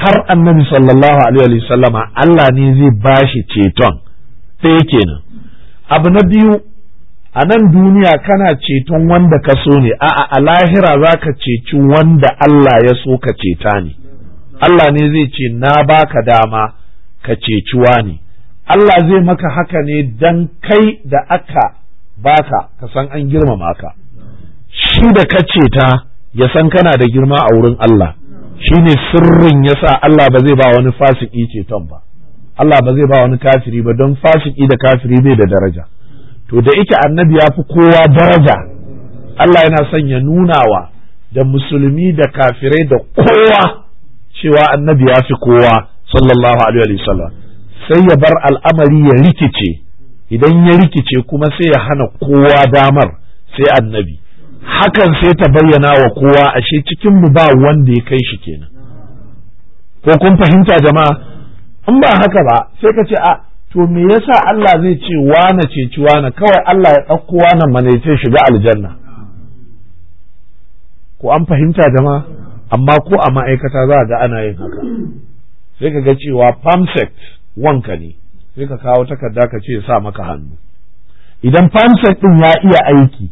har annabi sallallahu alaihi wa sallama Allah ne zai bashi ceton ɗaya kenan abu na biyu a nan duniya kana ceton wanda ka so ne a'a a lahira za ka ceci wanda Allah ya so ka ceta ne Allah ne zai ce na baka dama ka ceci wani Allah zai maka haka ne dan kai da aka baka ka san an girmama ka shi da kace ta ya san kana da girma a wurin Allah shi ne sirrin yasa Allah ba zai ba wani fasiki ceton ba Allah ba zai ba wani kafiri ba don fasiki da kafiri bai da daraja to da ita annabi ya fi kowa daraja Allah yana son ya nunawa da musulmi da kafirai da kowa cewa annabi ya fi kowa sallallahu alaihi wasallam sai ya bar al'amari ya rikice idan ya rikice kuma sai ya hana kowa damar sai annabi hakan sai ta bayyana wa kowa ashe cikin mu ba wanda ya kai shi kenan ko kun fahimta jama'a in ba haka ba sai ka ce a to me yasa Allah zai ce wane ceci wane kawai Allah ya ɗauko wane manece shiga aljanna ko an fahimta jama'a amma ko a ma'aikata za a ga ana yin haka sai ka ga cewa pamsect wanka ne sai ka kawo takarda ka ce sa maka hannu idan fansa ɗin ya iya aiki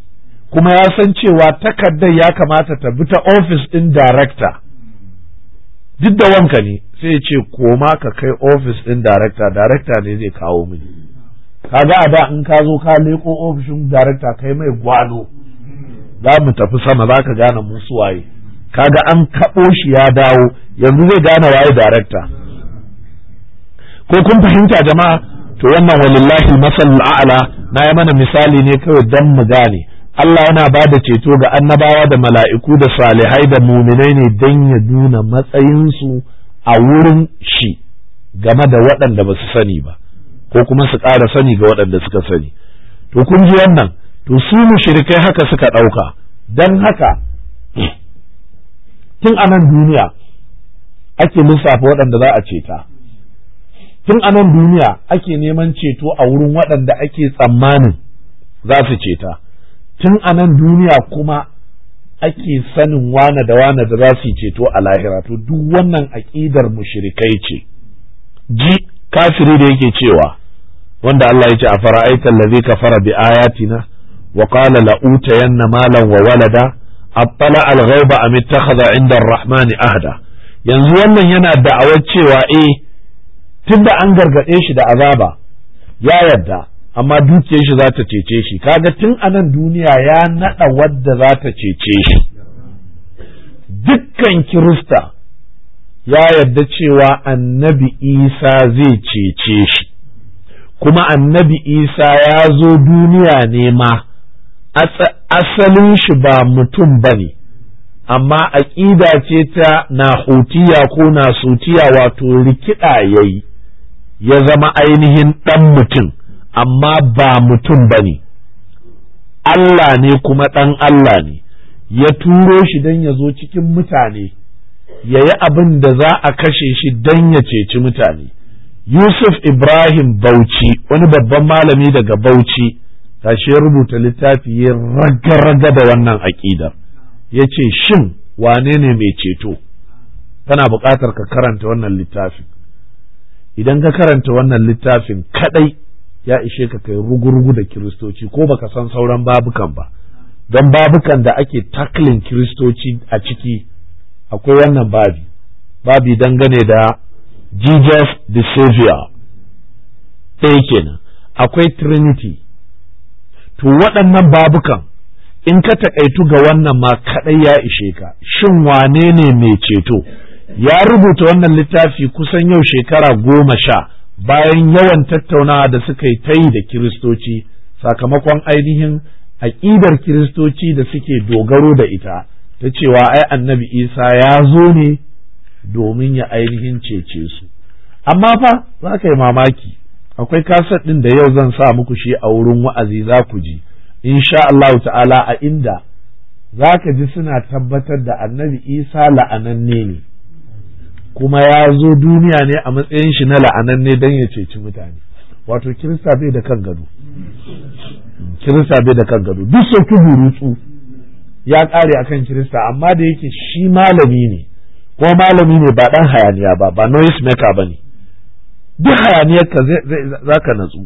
kuma ya san cewa takardar ya kamata ta bi ta ofis ɗin darakta duk da wanka ne sai ya ce koma ka kai ofis ɗin darakta darakta ne zai kawo mini kaga a da in ka zo ka leko ofishin darakta kai mai gwalo za mu tafi sama za ka gane musu waye ga an kaɓo shi ya dawo yanzu zai gane waye darakta ko kun fahimta jama'a to wannan walillahi masal a'la na yi mana misali ne kawai dan mu gane Allah yana ba da ceto ga annabawa da mala'iku da salihai da muminai ne dan ya nuna matsayinsu a wurin shi game da waɗanda ba su sani ba ko kuma su ƙara sani ga waɗanda suka sani to kun ji wannan to su mushrikai haka suka ɗauka dan haka tun a nan duniya ake lissafa waɗanda za a ceta tun a nan duniya ake neman ceto a wurin waɗanda ake tsammanin za su ceta tun a nan duniya kuma ake sanin wane da wane da za su ceto a lahira to duk wannan aƙidar mushrikai ce ji kafiri da yake cewa wanda Allah ya ce a fara'aita allazi kafara bi ayatina wa qala la utayanna malan wa walada attala al-ghaiba am ittakhadha 'inda ar-rahmani ahda yanzu wannan yana da'awar cewa eh da an gargaɗe shi da azaba ya yarda amma dukiyar shi za ta cece shi kaga tun a nan duniya ya naɗa wadda za ta cece shi dukkan kirista ya yarda cewa annabi isa zai cece shi kuma annabi isa ya zo duniya ne ma asalin shi ba mutum ba ne amma aƙida ce ta na hutiya ko na sutiya wato rikida ya yi ya zama ainihin ɗan mutum amma ba mutum ba ne Allah ne kuma ɗan Allah ne ya turo shi don ya zo cikin mutane ya yi abin da za a kashe shi don ya ceci mutane Yusuf Ibrahim Bauchi wani babban malami daga Bauchi tashi ya rubuta littafi ya raga-raga da wannan aƙidar ya ce shin wane ne mai ceto kana buƙatar ka karanta wannan littafin idan ka karanta wannan littafin kadai ya ishe ka kai rugurugu da kiristoci ko baka san sauran babukan ba don babukan da ake taklin kiristoci a ciki akwai wannan babi babi dangane da Jesus the Savior ɗaya kenan akwai Trinity to waɗannan babukan in ka taƙaitu ga wannan ma kaɗai ya ishe ka shin wane ne mai ceto ya rubuta wannan littafi kusan yau shekara goma sha bayan yawan tattaunawa da suka yi ta yi da kiristoci sakamakon ainihin aƙidar kiristoci da suke dogaro da ita ta cewa ai annabi isa ya zo ne domin ya ainihin cece su amma fa za ka yi mamaki akwai kasar ɗin da yau zan sa muku shi a wurin wa'azi za ku ji insha Allah ta'ala a inda za ka ji suna tabbatar da annabi isa la'ananne ne kuma ya zo duniya ne a matsayin shi na la'ananne don ya ceci mutane wato kirista bai da kan gado kirista bai da kan gado duk sauki burutsu ya kare kan kirista amma da yake shi malami ne ko malami ne ba dan hayaniya ba ba noise maker ba ne duk hayaniyar ka za ka natsu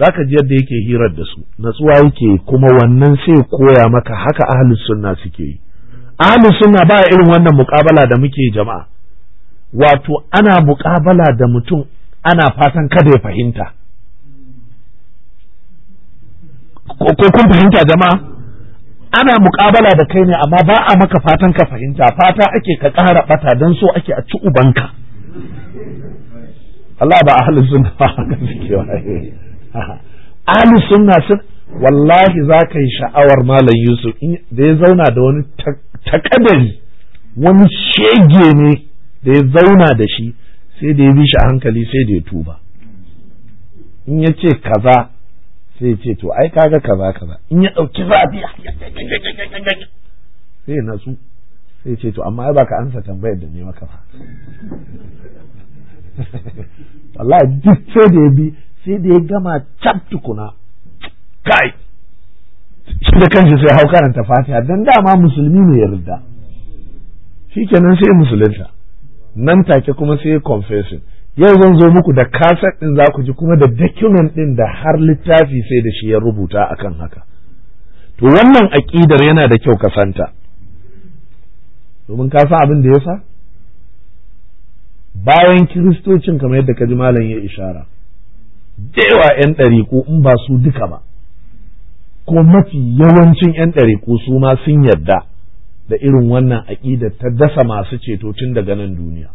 za ka ji yadda yake hirar da su natsuwa yake kuma wannan sai koya maka haka ahlus sunna suke yi ahlus sunna ba irin wannan muƙabala da muke jama'a wato ana muƙabala da mutum ana fatan kada ya fahimta ko kun fahimta jama'a ana muƙabala da kai ne amma ba a maka fatan ka fahimta fata ake ka ƙara bata don so ake a ci ubanka Allah ba ahlus sunna ba haka suke eh. ahlus sunna sun wallahi za ka yi sha'awar malam Yusuf da ya zauna da wani takadari wani shege ne da ya zauna da shi sai da ya bi shi a hankali sai da ya tuba in ya ce kaza sai ya ce to ai kaga kaza kaza in ya ɗauki zafi sai ya natsu sai ya ce to amma ai baka ansa tambayar da ne maka ba wallahi duk sai da ya bi sai da ya gama cap tukuna kai shi da kanshi sai hau karanta fatiha dan dama musulmi ne ya shi kenan sai musulunta nan take kuma sai confession yau zan zo muku da kaset din za ku ji kuma da document din da har littafi sai da shi ya rubuta akan haka to wannan aƙidar yana da kyau kasanta, domin ka san abin da ya sa bayan kiristocin kamar yadda ka ji malam ya ishara dewa 'yan ɗariku in ba su duka ba ko mafi yawancin 'yan ɗariku su ma sun yarda da irin wannan aƙidar ta dasa masu ceto tun daga nan duniya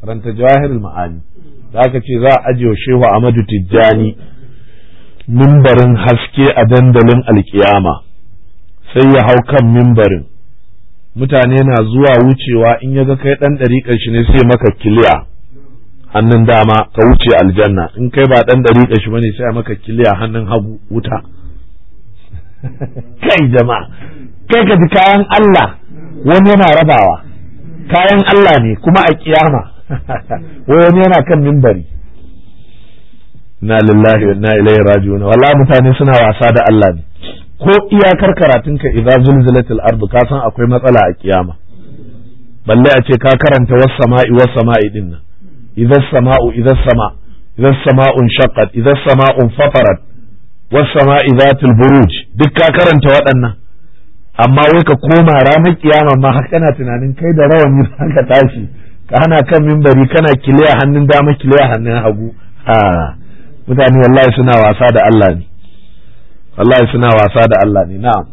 karanta jawahirul ma'ani da aka ce za a ajiye shehu Ahmadu Tijjani mimbarin haske a dandalin alkiyama sai ya hau kan mimbarin mutane na zuwa wucewa in ya ga kai ɗan ɗari shi ne sai maka kiliya hannun dama ka wuce aljanna in kai ba ɗan ɗariƙar shi bane sai maka kiliya hannun hagu wuta kai jama'a kai ka ji kayan Allah wani yana rabawa kayan Allah ne kuma a kiyama wani yana kan mimbari na lillahi wa na ilaihi raji'un wallahi mutane suna wasa da Allah ne ko iyakar karatunka idza zulzilatil ardu ka san akwai matsala a kiyama balle a ce ka karanta was sama'i was sama'i din nan idza sama'u idza sama idza sama'un shaqqat idza sama'un fatarat was sama'i zatil buruj duk ka karanta waɗannan amma wai ka koma ranar kiyama ma har kana tunanin kai da rawani za ka tashi ka hana kan mimbari kana kiliya hannun dama kiliya hannun hagu a mutane wallahi suna wasa da Allah ne wallahi suna wasa da Allah ne na'am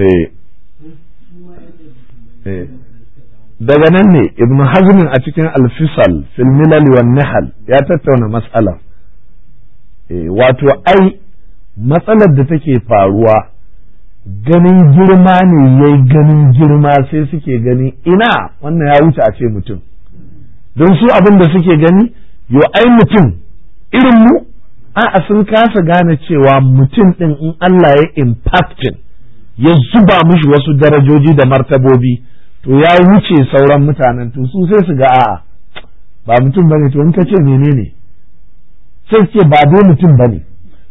eh. Eh. daga nan ne ibn hazmin a cikin alfisal Filmilal wa nihal ya tattauna matsala. Eh, wato ai matsalar da take faruwa ganin girma ne ya ganin girma sai suke gani ina wannan ya wuce a ce mutum don su abin da suke gani yo ai mutum irin mu a sun kasa gane cewa mutum ɗin in Allah ya impactin ya zuba mishi wasu darajoji da martabobi to ya wuce sauran mutanen to su sai su ga a'a ba mutum bane to in ka ce menene sai ce ba dai mutum ba ne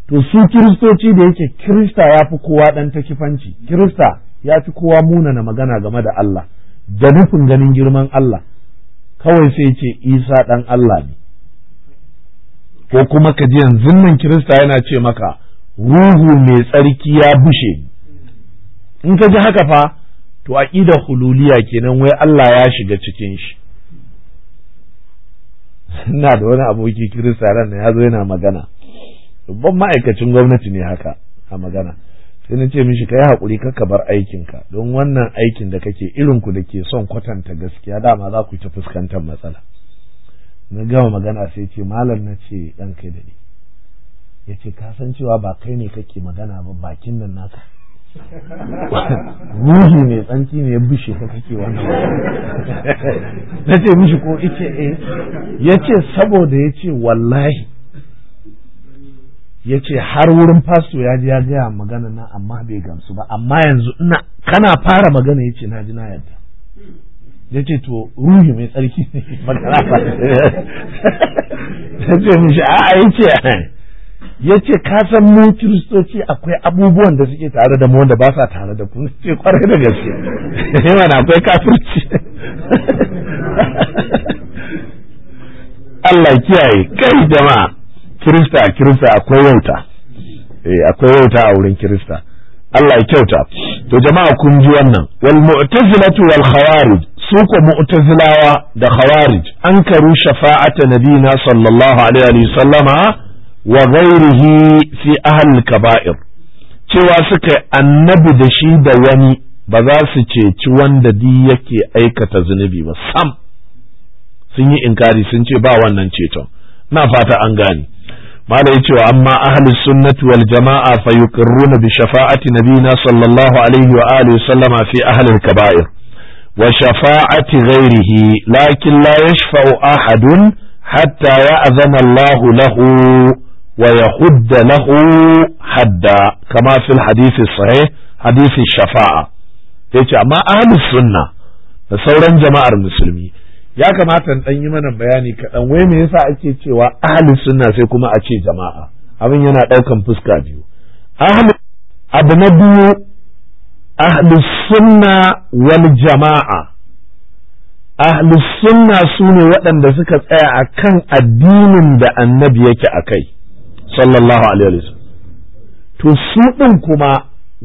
to su kiristoci da yake kirista ya fi kowa dan kifanci kirista ya fi kowa munana magana game da Allah da nufin ganin girman Allah kawai sai ce Isa ɗan Allah ne ko kuma ka ji yanzu nan kirista yana ce maka ruhu mai tsarki ya bushe in ka ji haka fa to aƙida hululiya kenan wai Allah ya shiga cikin shi ina da wani aboki kirista ran ya zo yana magana babban ma'aikacin gwamnati ne haka a magana sai na ce mishi kai hakuri kakka bar aikinka don wannan aikin da kake irin ku da ke son kwatanta gaskiya dama za ku ta fuskantar matsala na gama magana sai ce malam na ce dan kai da ni ya ce ka san cewa ba kai ne kake magana ba bakin nan naka ruhi mai tsanci ne ya bushe ka kake wannan na ce mishi ko ice eh ya ce saboda ya ce wallahi ya ce har wurin fasto ya ji ya gaya magana na amma bai gamsu ba amma yanzu ina kana fara magana ya ce na ji na yadda ya ce to ruhi mai tsarki ne magana ba ya ce mishi a'a ya ce eh. ya ce kasan mu kiristoci akwai abubuwan da suke tare da mu wanda ba sa tare da ku ce kwarai da gaske na akwai kafirci Allah kiyaye kai jama'a kirista kirista akwai wauta eh akwai wauta a wurin kirista Allah ya kyauta to jama'a kun ji wannan wal mu'tazilatu wal khawarij su ko mu'tazilawa da khawarij an karu shafa'ata nabina sallallahu alaihi wa sallama wa ghairihi fi ahlil kaba'ir cewa suka annabi da shi da wani ba za su ceci wanda di yake aikata zunubi ba sam sun yi inkari sun ce ba wannan ceton na fata an gane mala ya cewa amma ahli sunnati wal jama'a fa yuqirruna bi shafa'ati nabina sallallahu alaihi wa alihi sallama fi ahli kaba'ir wa shafa'ati ghairihi lakin la yashfa'u ahadun hatta ya'zana Allahu lahu ويحد له حدا كما في الحديث الصحيح حديث الشفاعة yace amma ahlus sunna da sauran jama'ar musulmi ya kamata in ɗan yi mana bayani kaɗan wai me yasa ake cewa ahli sunna sai kuma a ce jama'a abin yana ɗaukan fuska biyu abu na biyu ahli sunna wal jama'a sunna su ne waɗanda suka tsaya a kan addinin da annabi yake a kai sallallahu alaihi wasallam to su din kuma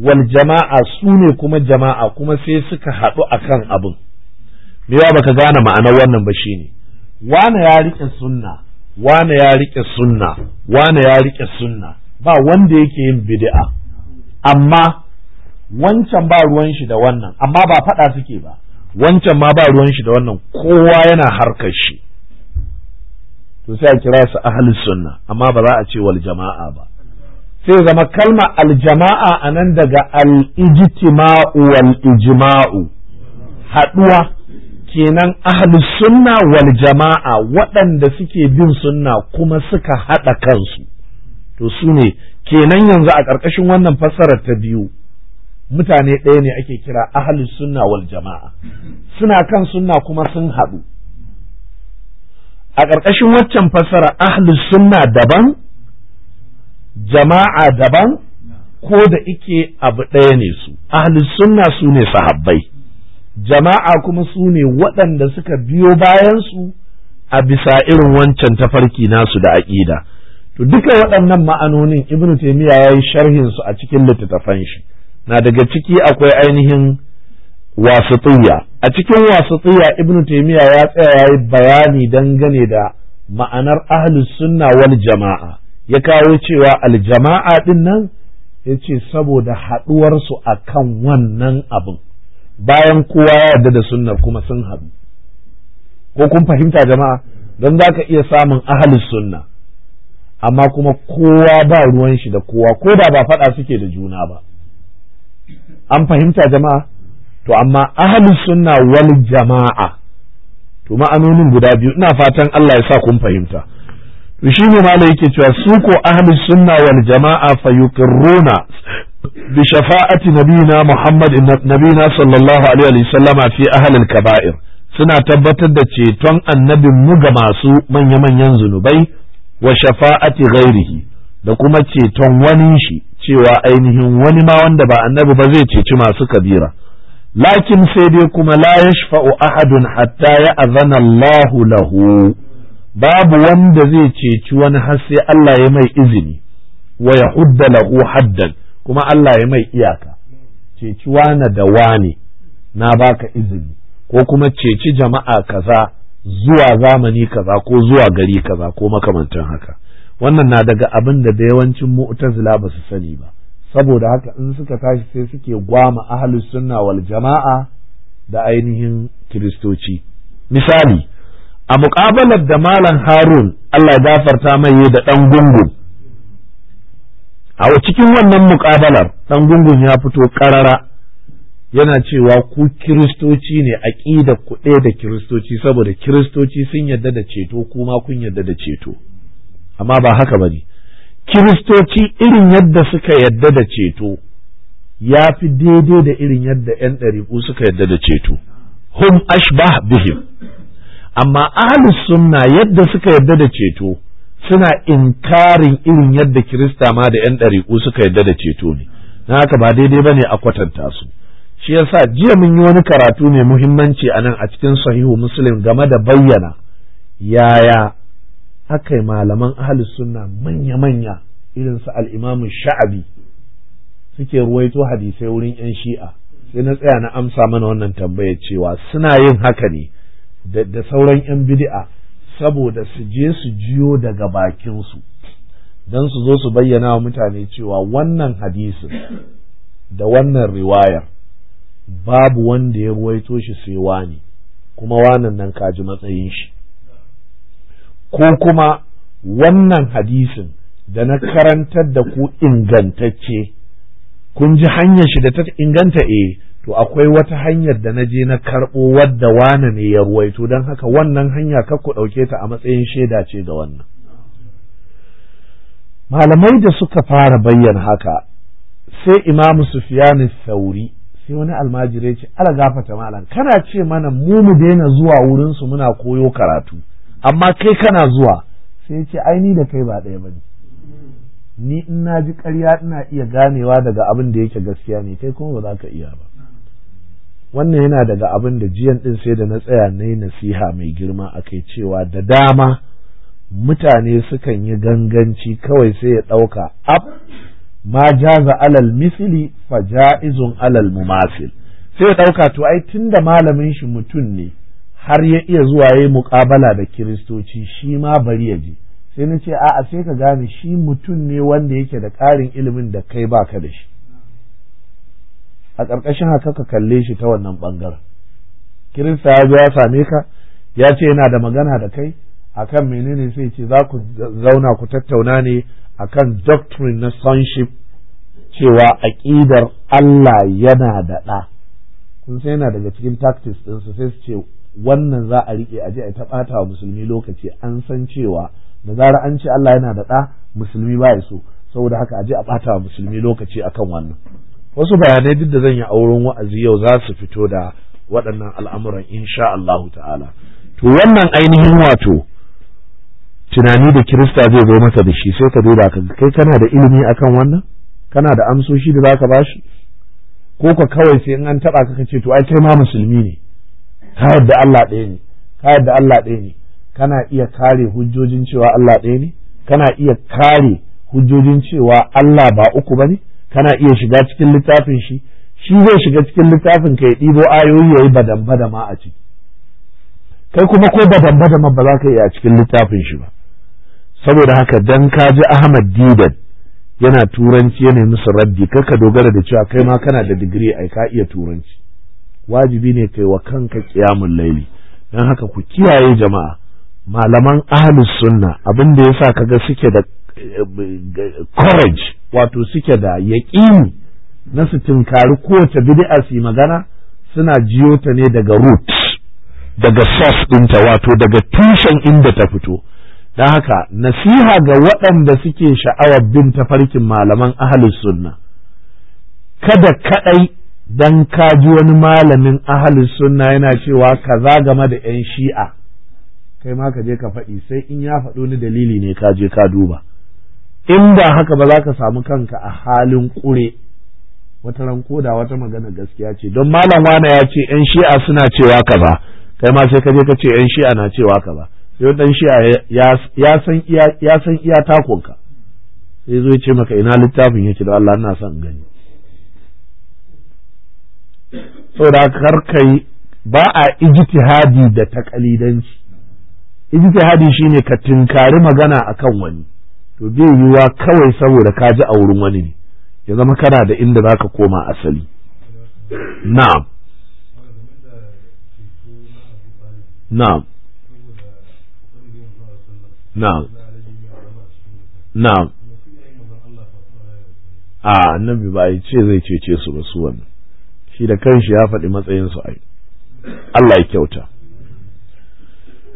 wal jama'a su ne kuma jama'a kuma sai suka haɗu akan abin me ya baka gane ma'anar wannan ba shine wane ya rike sunna wane ya rike sunna wane ya rike sunna ba wanda yake yin bid'a amma wancan ba ruwan shi da wannan amma ba faɗa suke ba wancan ma ba ruwan shi da wannan kowa yana harkar shi to sai a kira su ahlus sunna amma ba za a ce wal jama'a ba sai zama kalma al jama'a nan daga al ijtima'u wal ijma'u haduwa kenan ahlus sunna wal jama'a waɗanda suke bin sunna kuma suka haɗa kansu to su ne kenan yanzu a ƙarƙashin wannan fassarar ta biyu mutane ɗaya ne ake kira ahlus sunna wal jama'a suna kan sunna kuma sun haɗu a ƙarƙashin waccan fassara ahlus sunna daban jama'a daban ko da ike abu ɗaya ne su ahlus sunna su ne sahabbai jama'a kuma su ne waɗanda suka biyo bayansu a bisa irin wancan tafarki nasu da aƙida to duka waɗannan ma'anonin ibnu taymiya ya sharhin su a cikin littattafan shi na daga ciki akwai ainihin wasitiyya a cikin wasitiyya ibnu taymiya ya tsaya yayi bayani dangane da ma'anar ahlus sunna wal jama'a ya kawo cewa aljama'a din nan yace saboda haduwar su akan wannan abin bayan kowa ya yarda da sunnar kuma sun haɗu ko kun fahimta jama'a don zaka iya samun ahlus sunna amma kuma kowa ba ruwan shi da kowa ko da ba faɗa suke da juna ba an fahimta jama'a to amma ahli suna wal jama'a to ma'anonin guda biyu ina fatan Allah ya sa kun fahimta to shi ne malai yake cewa su ko ahli suna wal jama'a fa yuqirruna bi shafa'ati nabiyina Muhammad sallallahu alaihi wa sallama fi ahli al-kaba'ir suna tabbatar da ceton annabin mu ga masu manya-manyan zunubai wa shafa'ati ghairihi da kuma ceton wani shi cewa ainihin wani ma wanda ba annabi ba zai ceci masu kabira lakin sai dai kuma la yashfa'u ahadun hatta ya azana Allahu lahu babu wanda zai ceci wani har sai Allah ya mai izini wa ya hudda lahu haddan kuma Allah ya mai iyaka ceci wane da wane na baka izini ko kuma ceci jama'a kaza zuwa zamani kaza ko zuwa gari kaza ko makamantan haka wannan na daga abin da da yawancin mu'tazila ba su sani ba saboda haka in suka tashi sai suke gwama ahalus sunna wal jama'a da ainihin kiristoci misali a muƙabalar da malam harun Allah ya gafarta mai da ɗan gungun a cikin wannan muƙabalar ɗan gungun ya fito ƙarara yana cewa ku kiristoci ne aƙida ku kuɗe da kiristoci saboda kiristoci sun yarda da ceto kuma kun yarda da ceto amma ba haka ba ne kiristoci irin yadda suka yadda da ceto ya fi daidai da irin yadda 'yan ɗariƙu suka yadda da ceto hum ashbah bihim amma ahlus sunna yadda suka yadda da ceto suna inkarin irin yadda kirista ma da 'yan ɗariƙu suka yadda da ceto ne na haka ba daidai ba ne a kwatanta su shi yasa jiya mun yi wani karatu mai muhimmanci a nan a cikin sahihu muslim game da bayyana yaya Akai malaman ahlus sunna manya-manya irin su al'imamin sha'abi suke ruwaito hadisai wurin 'yan shi'a sai na tsaya na amsa mana wannan tambayar cewa suna yin haka ne da sauran 'yan bid'a saboda su je su jiyo daga bakinsu don su zo su bayyana wa mutane cewa wannan hadisin da wannan riwayar babu wanda ya ruwaito shi sai wani kuma wanan nan kaji matsayin shi ko kuma wannan hadisin da na karantar da ku ingantacce kun ji hanyar shi da ta inganta eh to akwai wata hanyar da na je na karɓo wadda wane ne ya ruwaito don haka wannan hanya kar ku ɗauke ta a matsayin shaida ce ga wannan malamai da suka fara bayyana haka sai imamu sufiyanu sauri sai wani almajiri ce ala gafata malam kana ce mana mu mu daina zuwa wurinsu muna koyo karatu amma kai kana zuwa sai ce ai ni da kai ba ɗaya ba ne. ni in na ji ƙarya ina iya ganewa daga abin da yake gaskiya ne kai kuma ba za ka iya ba wannan yana daga abin da jiyan ɗin sai da na tsaya na yi nasiha mai girma a kai cewa da dama mutane sukan yi ganganci kawai sai ya ɗauka ab ma jaza alal misili fa ja'izun alal mumasil sai ya ɗauka to ai da malamin shi mutum ne har ya iya zuwa ya yi mukabala da kiristoci shi ma bari ya je sai na ce a'a sai ka gane shi mutum ne wanda yake da ƙarin ilimin da kai baka da shi a ƙarƙashin haka ka kalle shi ta wannan ɓangaren kirista ya zo ya same ka ya ce yana da magana da kai akan menene sai ce za ku zauna ku tattauna ne akan doctrine na sonship cewa aƙidar Allah yana da ɗa kun sai yana daga cikin tactics ɗinsu sai su ce wannan za a rike je a ta ɓata wa musulmi lokaci an san cewa da zarar an ce Allah yana da ɗa musulmi ba ya so saboda haka a je a ɓata wa musulmi lokaci akan wannan wasu bayanai duk da zan yi auren wa'azi yau za su fito da waɗannan al'amuran insha Allahu ta'ala to wannan ainihin wato tunani da kirista zai zo masa da shi sai ka duba ka kai kana da ilimi akan wannan kana da amsoshi da zaka bashi ko ka kawai sai in an taɓa ka ce to ai kai ma musulmi ne ka yadda Allah ɗaya ne ka yadda Allah ɗaya ne kana iya kare hujjojin cewa Allah ɗaya ne kana iya kare hujjojin cewa Allah ba uku bane kana iya shiga cikin littafin shi shi zai shiga cikin littafin ka ya ɗibo ayoyi ya yi badan badama a ciki kai kuma ko badan badama ba za ka iya a cikin littafin shi ba saboda haka dan ka ji Ahmad Didan yana turanci yana musu raddi ka dogara da cewa kai ma kana da digiri ai ka iya turanci wajibi ne kai wa kanka kiyamun laili dan haka ku kiyaye jama'a malaman ahlus sunna abin da yasa kaga suke da eh, courage wato suke da yaƙini na su tinkari kowace bid'a su magana suna jiyo ta ne daga root daga source ɗinta wato daga tushen inda ta fito don haka nasiha ga waɗanda suke sha'awar bin tafarkin malaman ahlus sunna kada kaɗai dan kaji wani malamin ahalin sunna yana cewa kaza game da 'yan shi'a kai ma ka je ka faɗi sai in ya faɗo ni dalili ne ka je ka duba in ba haka ba za ka samu kanka a halin ƙure wata ran koda wata magana gaskiya ce don malam wana ya ce 'yan shi'a suna cewa kaza kai ma sai ka je ka ce 'yan shi'a na cewa kaza sai ɗan shi'a ya san iya takonka sai zo ya ce maka ina littafin yake da Allah ina son gani saboda yi. ba a ijtihadi da takalidanci ijtihadi shine ka tinkari magana akan wani to bai yiwuwa kawai saboda ka ji a wurin wani ne ya zama kana da inda ka koma asali na'am na'am na'am na'am a annabi ba ya ce zai cece su ba su wannan shi da kanshi ya faɗi matsayin su ai Allah ya kyauta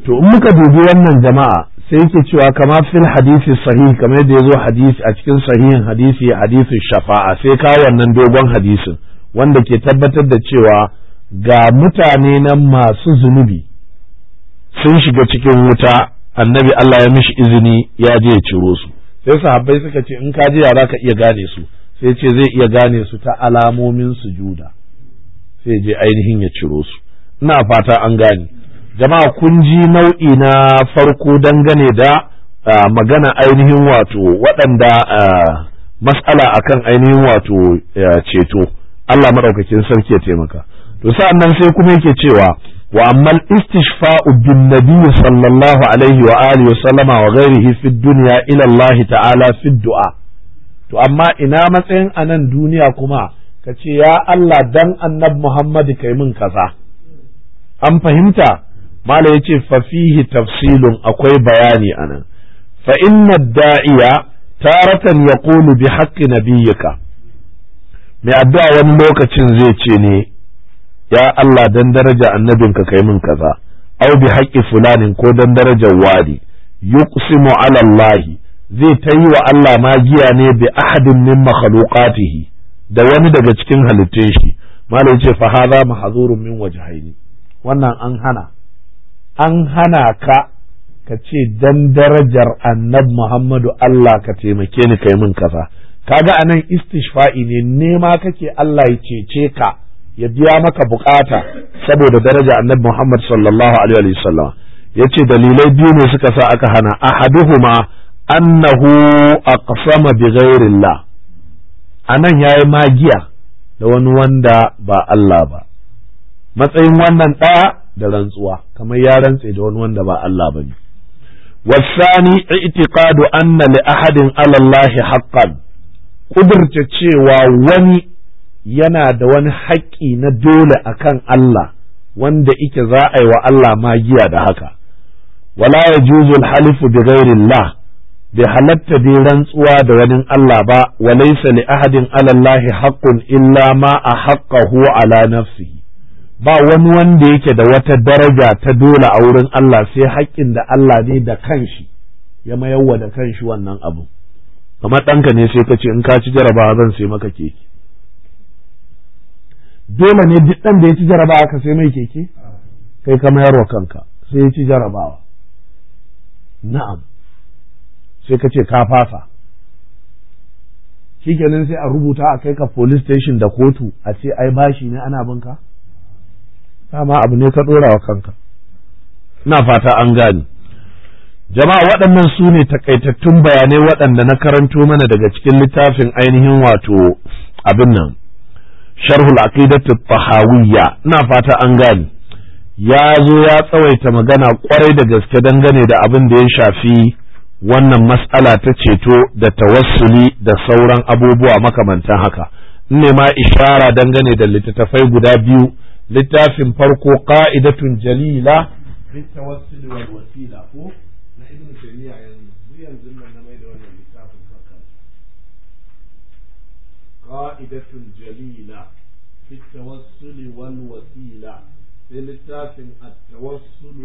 to in muka dubi wannan jama'a sai yake cewa kama fil hadisi sahih kamar da yazo hadisi a cikin sahihin hadisi hadisi shafa'a sai ka wannan dogon hadisin wanda ke tabbatar da cewa ga mutane nan masu zunubi sun shiga cikin wuta annabi Allah ya mishi izini ya je ya ciro su sai sahabbai suka ce in ka je ya za ka iya gane su sai ce zai iya gane su ta alamomin sujuda sai je ainihin ya ciro su ina fata an gane jama'a kun ji nau'i na farko dangane da magana ainihin wato waɗanda mas'ala akan ainihin wato ceto Allah maɗaukakin sarki ya taimaka to sa'an nan sai kuma yake cewa wa amma istishfa'u bin nabiy sallallahu alaihi wa alihi wa sallama wa ghairihi fi dunya ila Allah ta'ala fi du'a to amma ina matsayin anan duniya kuma ka ce ya Allah dan annab Muhammadu kai min kaza an fahimta mala yace ce fihi tafsilun akwai bayani anan fa inna da'iya taratan yaqulu bi na nabiyyika mai addu'a wani lokacin zai ce ne ya Allah dan daraja annabinka kai min kaza Au bi haƙƙi fulanin ko dan darajar wadi yuqsimu ala Allah zai ta yi wa Allah magiya ne bi ahadin min makhluqatihi da wani daga cikin halittun shi malai ce fa hadha mahzurun min haini? wannan an hana an hana ka ka ce dan darajar annab Muhammadu Allah ka taimake ni kai min kaza kaga anan istishfa'i ne nema kake Allah ya cece ka ya biya maka bukata saboda daraja annab Muhammad sallallahu alaihi wasallam yace dalilai biyu ne suka sa aka hana ahaduhuma annahu aqsama bi ghairillah a nan ya yi magiya da wani wanda ba Allah ba matsayin wannan ɗaya da rantsuwa kamar ya rantse da wani wanda ba Allah ba ne wasani i'tiqadu anna li ahadin ala Allah haqqan kudurta cewa wani yana da wani haƙƙi na dole akan Allah wanda ike za a yi wa Allah magiya da haka wala ya juzul halifu bi ghairillah Bi halatta dai rantsuwa da wani Allah ba wa laysa li ahadin ala Allah haqqun illa ma a huwa ala nafsihi ba wani wanda yake da wata daraja ta dole a wurin Allah sai haƙƙin da Allah ne da kanshi ya mayarwa da kanshi wannan abu kamar ɗanka ne sai ka ce in ka ci jarabawa zan sai maka keke dole ne duk ɗan da ya ci jarabawa aka sai mai keke kai ka mayarwa kanka sai ya ci jarabawa na'am sai ka ce ka fasa kenan sai a rubuta a kai ka police station da kotu a ce ai bashi ne ana bin ka dama abu ne ka dora wa kanka ina fata an gane jama'a waɗannan su ne takaitattun bayanai waɗanda na karanto mana daga cikin littafin ainihin wato abin nan sharhul aqidatu tahawiyya ina fata an gane ya zo ya tsawaita magana kwarai da gaske dangane da abin da ya shafi wannan mas'ala ta ceto da tawassuli da sauran abubuwa makamantan haka ne ma ishara dangane da littattafai guda biyu littafin farko ka'idatun jalila littawassul wal wasila ko na ibnu yanzu yanzu littafin jalila sai littafin at-tawassul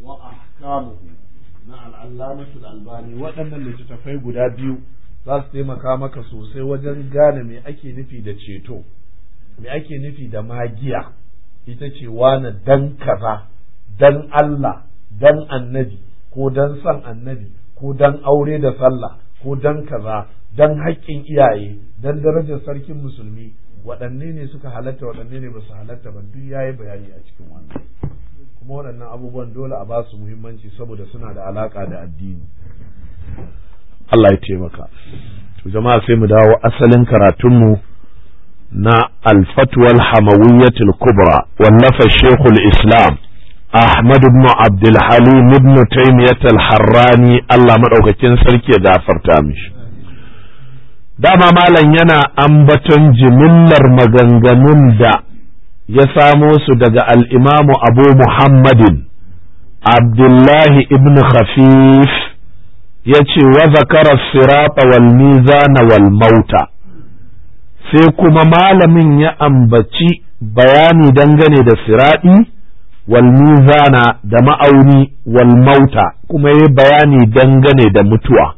ahkamuhu na al'allamatul albani waɗannan littattafai guda biyu za su taimaka maka sosai wajen gane me ake nufi da ceto me ake nufi da magiya ita ce wani dan kaza dan Allah dan annabi ko dan san annabi ko dan aure da sallah ko dan kaza dan haƙƙin iyaye dan darajar sarkin musulmi waɗanne ne suka halatta waɗanne ne ba su halatta ba duk yayi bayani a cikin wannan kuma waɗannan abubuwan dole a ba su muhimmanci saboda suna da alaƙa da addini Allah ya taimaka to jama'a sai mu dawo asalin karatunmu na alfatwal hamawiyyatul kubra wallafa shekul islam Ahmad ibn Abdul Halim ibn Taymiyyah al-Harrani Allah madaukakin sarki ya gafarta mishi dama malam yana ambaton jimillar maganganun da ya samo su daga al'imamu abu muhammadin abdullahi ibn khafif ya ce wa zakarar sirata wal mizana wal mauta sai kuma malamin ya ambaci bayani dangane da siraɗi wal mizana da ma'auni wal mauta kuma ya bayani dangane da mutuwa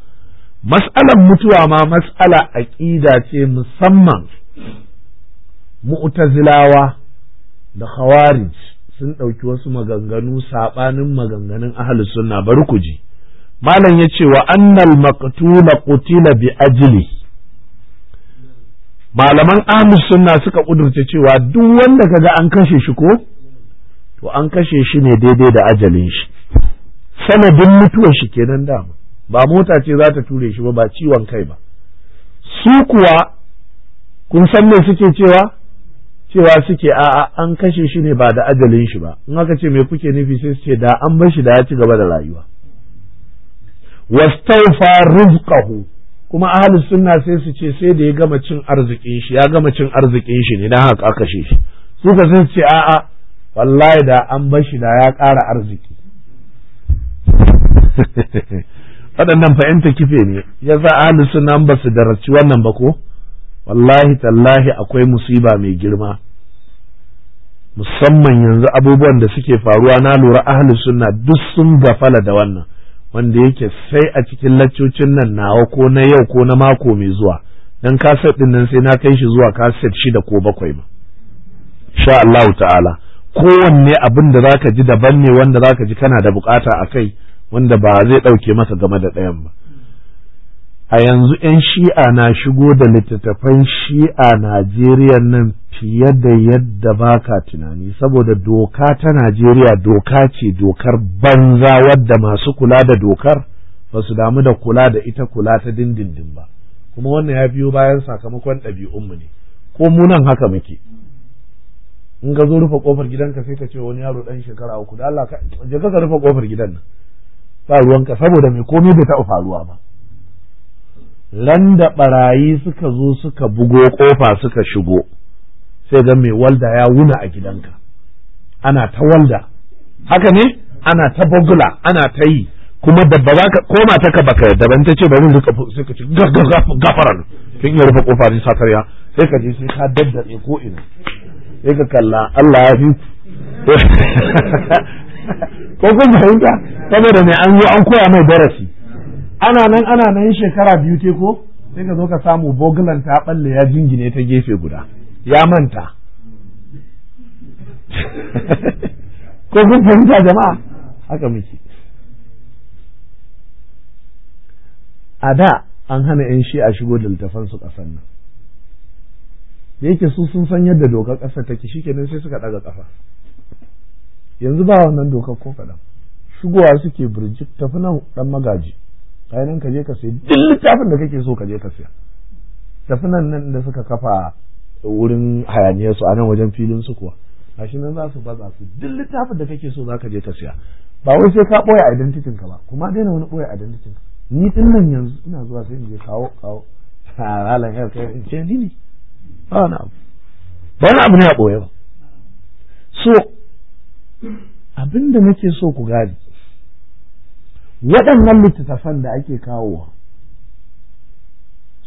mas'alan mutuwa ma mas'ala aƙida ce musamman mu'tazilawa da khawarij sun ɗauki wasu maganganu saɓanin maganganun ahli sunna bari ku ji malam ya ce wa annal maqtula qutila bi ajli malaman ahlus sunna suka kudurta cewa duk wanda kaga an kashe shi ko to an kashe shi ne daidai da ajalin shi sanadin mutuwar shi kenan dama ba mota ce za ta ture shi ba ba ciwon kai ba su kuwa kun san me suke cewa cewa suke a'a an kashe shi ne ba da ajalin shi ba in aka ce mai kuke nufi sai su ce da an bar shi da ya ci gaba da rayuwa wastaufa rizqahu kuma ahli sunna sai su ce sai da ya gama cin arzikin shi ya gama cin arzikin shi ne dan haka aka kashe shi ka sai su ce a'a wallahi da an bar shi da ya ƙara arziki waɗannan fahimta kife ne yasa ahli sunna ba su darci wannan ba ko wallahi tallahi akwai musiba mai girma musamman yanzu abubuwan da suke faruwa na lura ahli sunna duk sun gafala da wannan wanda yake sai a cikin laccocin nan nawa ko na yau ko na mako mai zuwa dan kaset din nan sai na kai shi zuwa kaset shida ko bakwai ma sha Allah ta'ala kowanne abin da zaka ji daban ne wanda zaka ji kana da bukata a kai wanda ba zai ɗauke masa game da ɗayan ba a yanzu 'yan shi'a na shigo da littattafan shi'a Najeriya nan fiye da yadda ba ka tunani saboda doka ta Najeriya doka ce dokar banza wadda masu kula da dokar ba su damu da kula da ita kula ta dindindin ba kuma wannan ya biyo bayan sakamakon ɗabi'unmu ne ko munan haka muke in ka zo rufe kofar gidanka sai ka ce wani yaro dan shekara uku da Allah ka je ka rufe kofar gidan nan ba ruwanka saboda mai komai bai taɓa faruwa ba ran da barayi suka zo suka bugo kofa suka shigo sai ga mai walda ya wuna a gidanka ana ta walda haka ne ana ta bagula ana ta yi kuma da ba za ka koma ta ka baka yadda ban ta ce bari rika suka ci gafara gafara kin iya rufe kofa ne sakarya sai ka je sai ka daddare ko ina sai ka kalla Allah ya fi ko kun fahimta saboda ne an zo an koya mai darasi ana nan ana nan shekara biyu te ko sai ka zo ka samu bogulan ta balle ya jingine ta gefe guda ya manta ko kun fahimta jama'a haka muke a da an hana 'yan shi a shigo da su kasan nan da yake su sun san yadda dokar ƙasa take shi kenan sai suka ɗaga ƙafa yanzu ba wannan dokar ko kaɗan shigowa suke birjik tafi nan ɗan magaji ainihin ka je ka sayi duk littafin da kake so ka je ka saya tafi nan nan da suka kafa wurin hayaniyar su a nan wajen filin su kuwa gashi nan za su baza su duk littafin da kake so za ka je ka siya ba wai sai ka ɓoye identitin ka ba kuma daina wani ɓoye identitin ka ni din nan yanzu ina zuwa sai in je kawo kawo halan yau kai in ce ni ne ba wani abu ba wani abu ne a ɓoye ba so abin da nake so ku gari. waɗannan littattafan da ake kawowa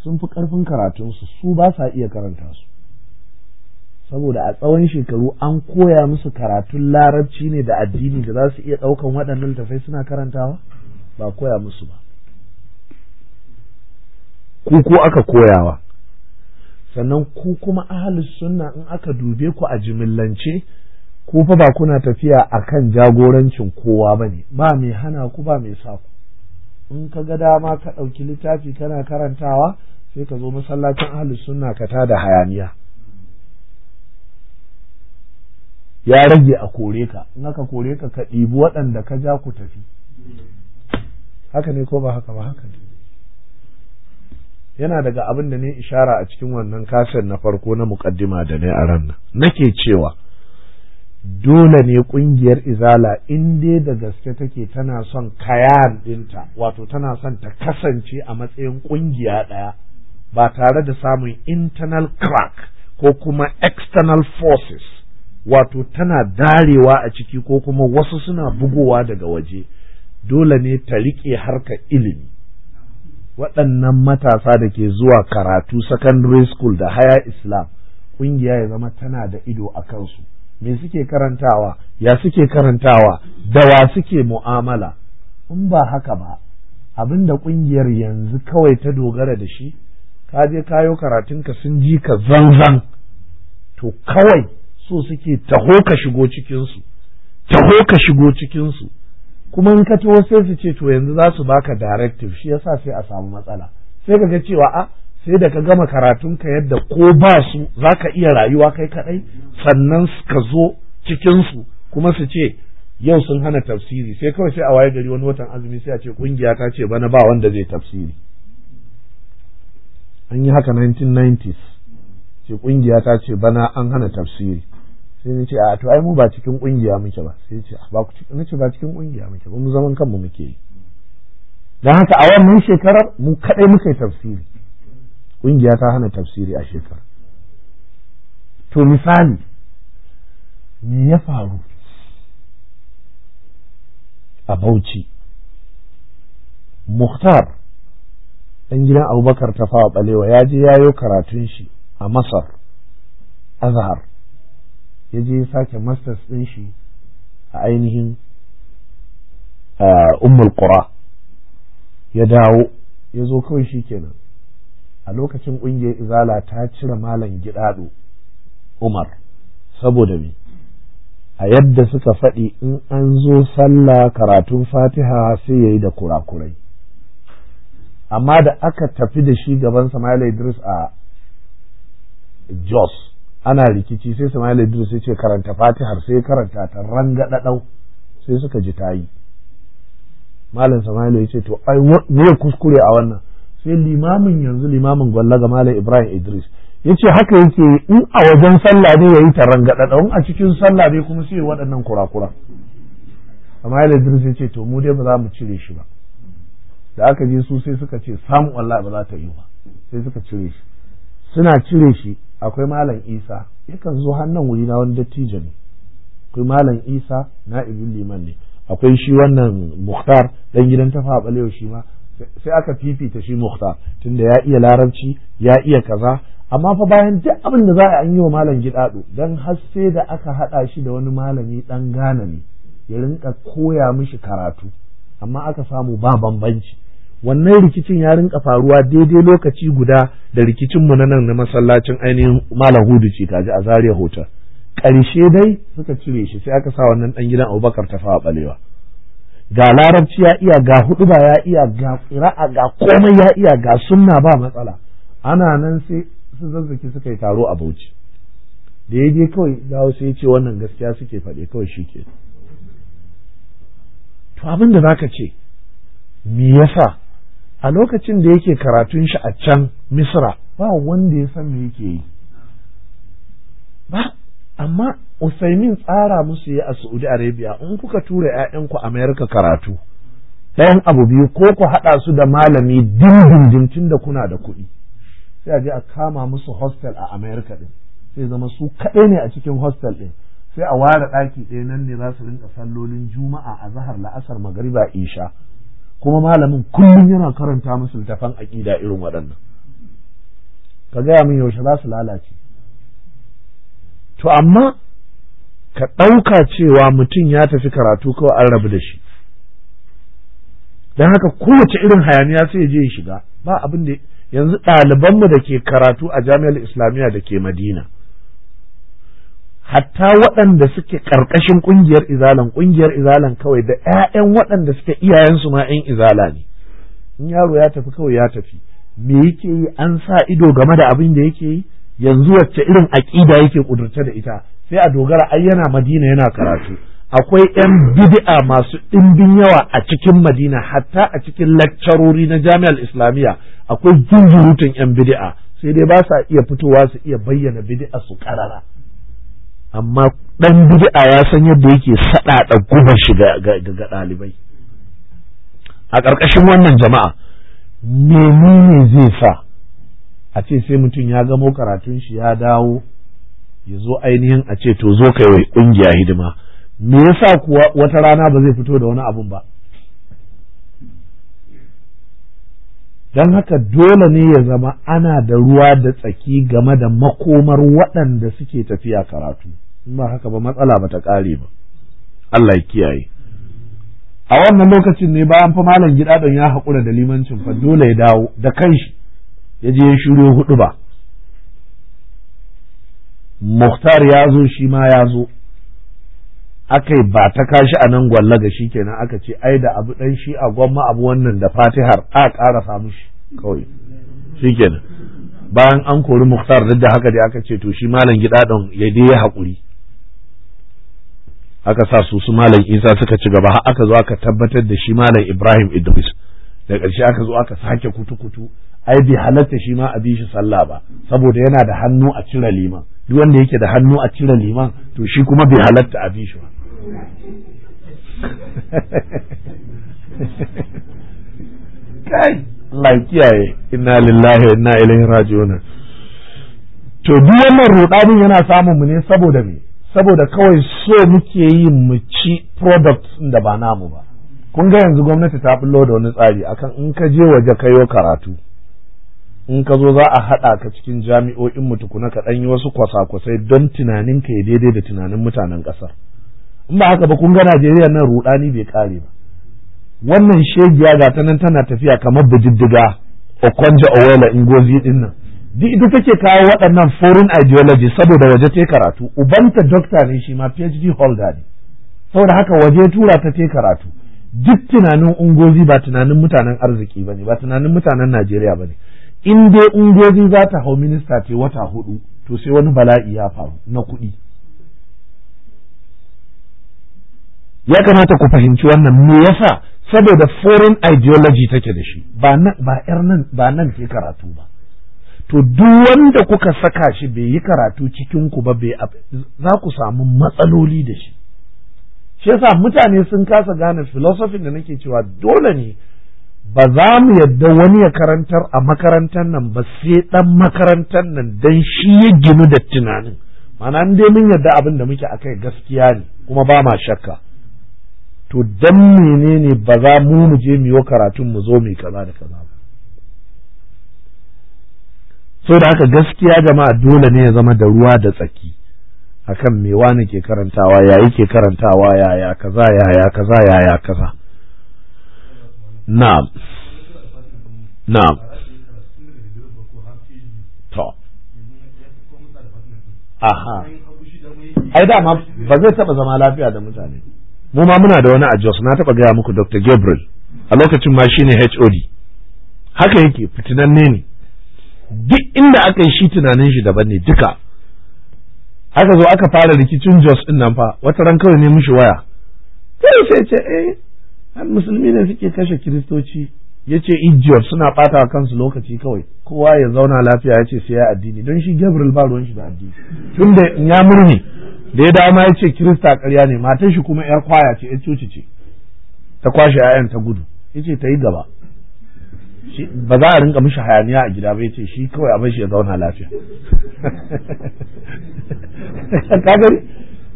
sun fi ƙarfin karatunsu su ba sa iya karanta su saboda a tsawon shekaru an koya musu karatun larabci ne da addini da za su iya ɗaukan waɗannan tafai suna karantawa ba koya musu ba Ko ko aka koyawa sannan ku kuma ahalus sunna in aka dube ku a jimillance ku fa ba kuna tafiya a kan jagorancin kowa ba ne ba mai hana ku ba mai sa ku in ka ga dama ka ɗauki littafi kana karantawa sai ka zo masallacin halis sunna ka tada hayaniya ya rage a kore ka in aka kore ka ka ɗibi waɗanda ka ja ku tafi haka ne ko ba haka ba haka ne yana daga abin da ne ishara a cikin wannan kasar na farko na muƙaddima da ne a ran Na nake cewa dole ne ƙungiyar izala in dai da gaske take tana son kayan dinta, wato tana son ta kasance a matsayin ƙungiya ɗaya ba tare da samun internal crack ko kuma external forces wato tana darewa a ciki ko kuma wasu suna bugowa daga waje dole ne ta riƙe harka ilimi waɗannan matasa da ke zuwa karatu secondary school da haya islam ƙungiya ya zama tana da ido a kansu me suke karantawa ya suke karantawa da wa suke mu'amala in ba haka ba abin da ƙungiyar yanzu kawai ta dogara da shi ka je kayo karatunka sun ji ka zanzan to kawai so suke taho ka shigo cikinsu taho ka shigo cikinsu kuma in ka taho sai su ce to yanzu za su baka directive shi yasa sai a samu matsala sai ka ga cewa a ah, sai da ka gama karatunka yadda ko ba su za ka iya rayuwa kai kaɗai sannan ka zo cikinsu kuma su ce yau sun hana tafsiri sai kawai sai a waye gari wani watan azumi sai a ce kungiya ta ce bana ba wanda zai tafsiri an yi haka 1990s ce kungiya ta ce bana an hana tafsiri sai ni ce a to ai mu ba cikin kungiya muke ba sai ce ba ku cikin ce ba cikin kungiya muke ba mu zaman kanmu muke yi dan haka a wannan shekarar mu kadai muka yi tafsiri ƙungiya ta hana tafsiri a shekar to misali me ya faru a bauchi muhtar ɗan gidan abubakar ta fawa ɓalewa ya je ya yayo karatun shi a masar azhar ya je sake masters ɗin shi a ainihin eh, ummul qura ya dawo ya zo kawai shi kenan a lokacin ƙungiyar izala ta cire malam gidaɗo umar saboda me a yadda suka faɗi in an zo sallah karatun fatiha sai ya yi da kurakurai amma da aka tafi da shi gaban Sama'ila Idris a Jos ana rikici sai Sama'ila Idris ya ce karanta fatihar sai karanta ta rangadadau sai suka ji tayi malam Sama'ila ya ce to ai me kuskure a wannan sai limamin yanzu limamin gwalla ga malam ibrahim idris ya ce haka yake in a wajen sallah ne ya yi taron gaɗaɗa a cikin sallah ne kuma sai waɗannan kurakuran amma ya idris ya ce to mu dai ba za mu cire shi ba da aka je su sai suka ce samu wallahi ba za ta yi ba sai suka cire shi suna cire shi akwai malam isa yakan zo hannun wuri na wani dattijo ne akwai malam isa na ibn liman ne akwai shi wannan muhtar dan gidan tafa balewa shi ma sai aka fifita shi Mukta, tunda ya iya larabci ya iya kaza amma fa bayan duk abin da za a yi wa malam gidado dan sai da aka hada shi da wani malami dan gana ne ya rinka koya mishi karatu amma aka samu ba bambanci wannan rikicin ya rinka faruwa daidai lokaci guda da rikicin mu na nan na masallacin ainihin malam hudu ce kaji a zariya hotel ƙarshe dai suka cire shi sai aka sa wannan dan gidan Abubakar ta fawa balewa ga larabci ya iya ga hudu ba ya iya ga ƙira'a ga komai ya iya ga sunna ba matsala ana nan sai su zazzaki suka yi taro a bauchi da ya kawai dawo sai ya ce wannan gaskiya suke faɗe kawai shi ke to abin da zaka ce me yasa a lokacin da yake karatun shi a can misra ba wanda ya san me yake yi ba amma usaimin tsara musu yi a saudi arabia in kuka tura 'ya'yanku amerika karatu ɗayan abu biyu ko ku haɗa su da malami dindindin tun da kuna da kuɗi sai a je a kama musu hostel a amerika ɗin sai zama su kaɗai ne a cikin hostel ɗin sai a ware ɗaki ɗaya nan ne za su rinka sallolin juma'a a zahar la'asar magariba isha kuma malamin kullum yana karanta musu littafan aƙida irin waɗannan ka gaya min yaushe za su lalace to amma ka ɗauka cewa mutum ya tafi karatu kawai an rabu da shi don haka kowace irin hayaniya sai je ya shiga ba abin da yanzu ɗalibanmu da ke karatu a jami'ar islamiyya da ke madina hatta waɗanda suke ƙarƙashin ƙungiyar izalan ƙungiyar izalan kawai da 'ya'yan waɗanda suke iyayensu ma 'yan izala ne in yaro ya tafi kawai ya tafi me yake yi an sa ido game da abin da yake yi yanzu wacce irin aƙida yake ƙudurta da ita sai a dogara ai yana madina yana karatu akwai yan bid'a masu ɗimbin yawa a cikin madina hatta a cikin lakcarori na jami'ar islamiyya akwai jinjirutun yan bid'a sai dai ba sa iya fitowa su iya bayyana bid'a su karara amma ɗan bid'a ya san yadda yake saɗaɗa guba shi ga ɗalibai a ƙarƙashin wannan jama'a menene zai sa a ce sai mutum ya gamo karatun shi ya dawo ya zo ainihin a ce to zo kai wai ƙungiya hidima me yasa kuwa wata rana ba zai fito da wani abun ba don haka dole ne ya zama ana da ruwa da tsaki game da makomar waɗanda suke tafiya karatu in ba haka ba matsala ba ta ƙare ba Allah ya kiyaye a wannan lokacin ne bayan fa malam gida don ya haƙura da limancin fa dole ya dawo da kanshi ya je ya shiryo huɗu ba muhtar ya zo shi ma ya zo aka yi ba ta kashi a nan gwallaga shi kenan aka ce ai da abu dan shi a gwamma abu wannan da fatihar a ƙara samu shi kawai shi kenan bayan an kori muhtar duk da haka dai aka ce to shi malam gida don ya dai ya haƙuri aka sa su su malam isa suka ci gaba har aka zo aka tabbatar da shi malam ibrahim idris da ƙarshe aka zo aka sake kutu-kutu ai bi halatta shi ma a bi shi sallah ba saboda yana da hannu a cire liman duk wanda yake da hannu a cire liman to shi kuma bi halatta a bi shi ba kai Allah ya inna lillahi wa inna ilaihi raji'un to duk wannan rudanin yana samun mu ne saboda me saboda kawai so muke yi mu ci product da ba namu ba kun ga yanzu gwamnati ta bullo da wani tsari akan in ka je waje kayo karatu in ka zo za a haɗa ka cikin jami'o'in mu tukuna ka ɗan yi wasu kwasa-kwasai don tunanin ka ya daidai da tunanin mutanen ƙasar in ba haka ba kun ga Najeriya nan ruɗani bai ƙare ba wannan shegiya ga ta nan tana tafiya kamar bididdiga Okonjo Owela Ngozi din nan duk ita take kawo waɗannan foreign ideology saboda waje ta karatu ubanta doctor ne shi ma PhD holder ne saboda haka waje tura ta ta karatu duk tunanin ungozi ba tunanin mutanen arziki ba ne. ba tunanin mutanen Najeriya ba ne. in dai ungozi za ta hau minista ce wata hudu to sai wani bala'i ya faru na kuɗi ya kamata ku fahimci wannan me yasa saboda foreign ideology take da shi ba yar nan ba nan ke karatu ba to duk wanda kuka saka shi bai yi karatu cikin ku ba bai za ku samu matsaloli da shi shi yasa mutane sun kasa gane philosophy da nake cewa dole ne ba za mu yadda wani ya karantar a makarantar nan ba sai ɗan makarantar nan dan shi ya ginu da tunanin mana dai mun yadda abin da muke akai gaskiya ne kuma ba ma shakka to dan menene ba za mu mu je mu yi karatun mu zo mu kaza da kaza ba so da haka gaskiya jama'a dole ne ya zama da ruwa da tsaki akan me wani ke karantawa ya ke karantawa yaya kaza yaya kaza yaya kaza نعم نعم aha ai dama ba zai taba zama lafiya da mutane mu ma muna da wani a Jos na taba gaya muku Dr. Gabriel a lokacin ma shine HOD haka yake fitinan ne duk inda aka yi shi tunanin shi daban ne duka aka zo aka fara rikicin Jos din nan fa wata ran kawai ne mushi waya sai sai ce eh musulmi ne suke kashe kiristoci ya ce ijiyar suna ɓata kansu lokaci kawai kowa ya zauna lafiya ya ce sai ya addini don shi gabriel ba ruwan shi da addini tun da ya murni da ya dama ya ce kirista karya ne matan shi kuma yar kwaya ce yar coci ce ta kwashe 'ya'yan ta gudu ya ce ta yi gaba ba za a rinka mishi hayaniya a gida ba ya ce shi kawai a shi ya zauna lafiya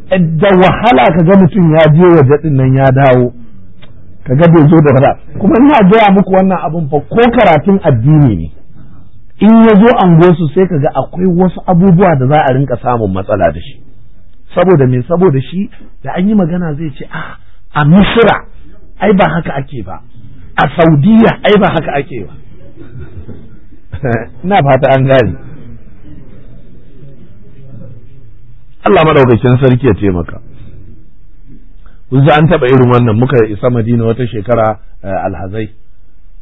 da wahala ka ga mutum ya je waje din nan ya dawo ka ga bai zo da fara kuma ina gaya muku wannan abin fa ko karatun addini ne in ya zo angosu sai ka ga akwai wasu abubuwa da za a rinka samun matsala da shi saboda me saboda shi da an yi magana zai ce a ah, a misira ai ba haka ake ba a saudiya ai ba haka ake ba ina fata an gane Allah madaukakin sarki ya taimaka za an taɓa irin wannan muka isa madina wata shekara eh, alhazai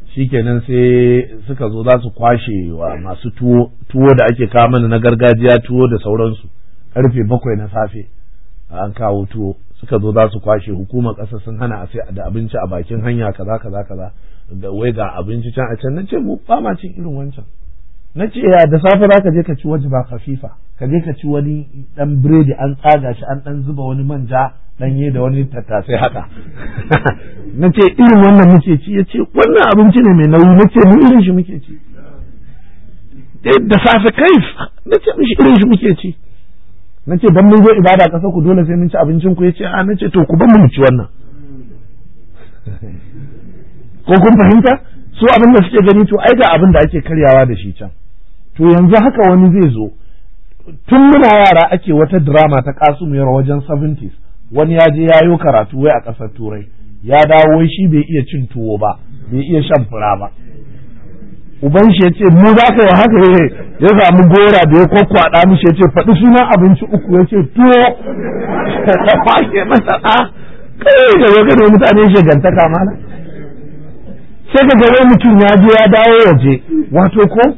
shi shikenan sai suka zo za su kwashe wa masu tuwo da ake kawo mana na gargajiya tuwo da sauransu karfe bakwai na safe an kawo tuwo suka zo za su kwashe hukumar ƙasa sun hana a sai da abinci a bakin hanya kaza kaza kaza da wai ga abinci can a can na ce mu ba ma cin irin wancan na ce ya da safe za ka je ka ci waje ba kafifa ka je ka ci wani dan biredi an tsaga shi an dan zuba wani manja danye da wani tattasai haka na ce irin wannan muke ci ya ce wannan abinci ne mai nauyi na ce mu irin shi muke ci da safe kai na ce mu irin shi muke ci na ce dan mun zo ibada kasa ku dole sai mun ci abincin ku ya ce a na ce to ku ban mu ci wannan ko kun fahimta su abin da suke gani to ai ga abin da ake karyawa da shi can to yanzu haka wani zai zo tun muna yara ake wata drama ta kasumiyar wajen 70s wani ya je yayo karatu wai a ƙasar turai ya dawo shi bai iya cin tuwo ba bai iya shan fura ba uban shi ya ce mu za ka yi haka ya eh, ya samu gora da ya kwakwada shi ya ce faɗi sunan abinci uku ya ce tuwo ta kwashe masa a ah, kai da yau kada mutane shagantaka mana sai ka ga mutum ya je ya dawo waje wato ko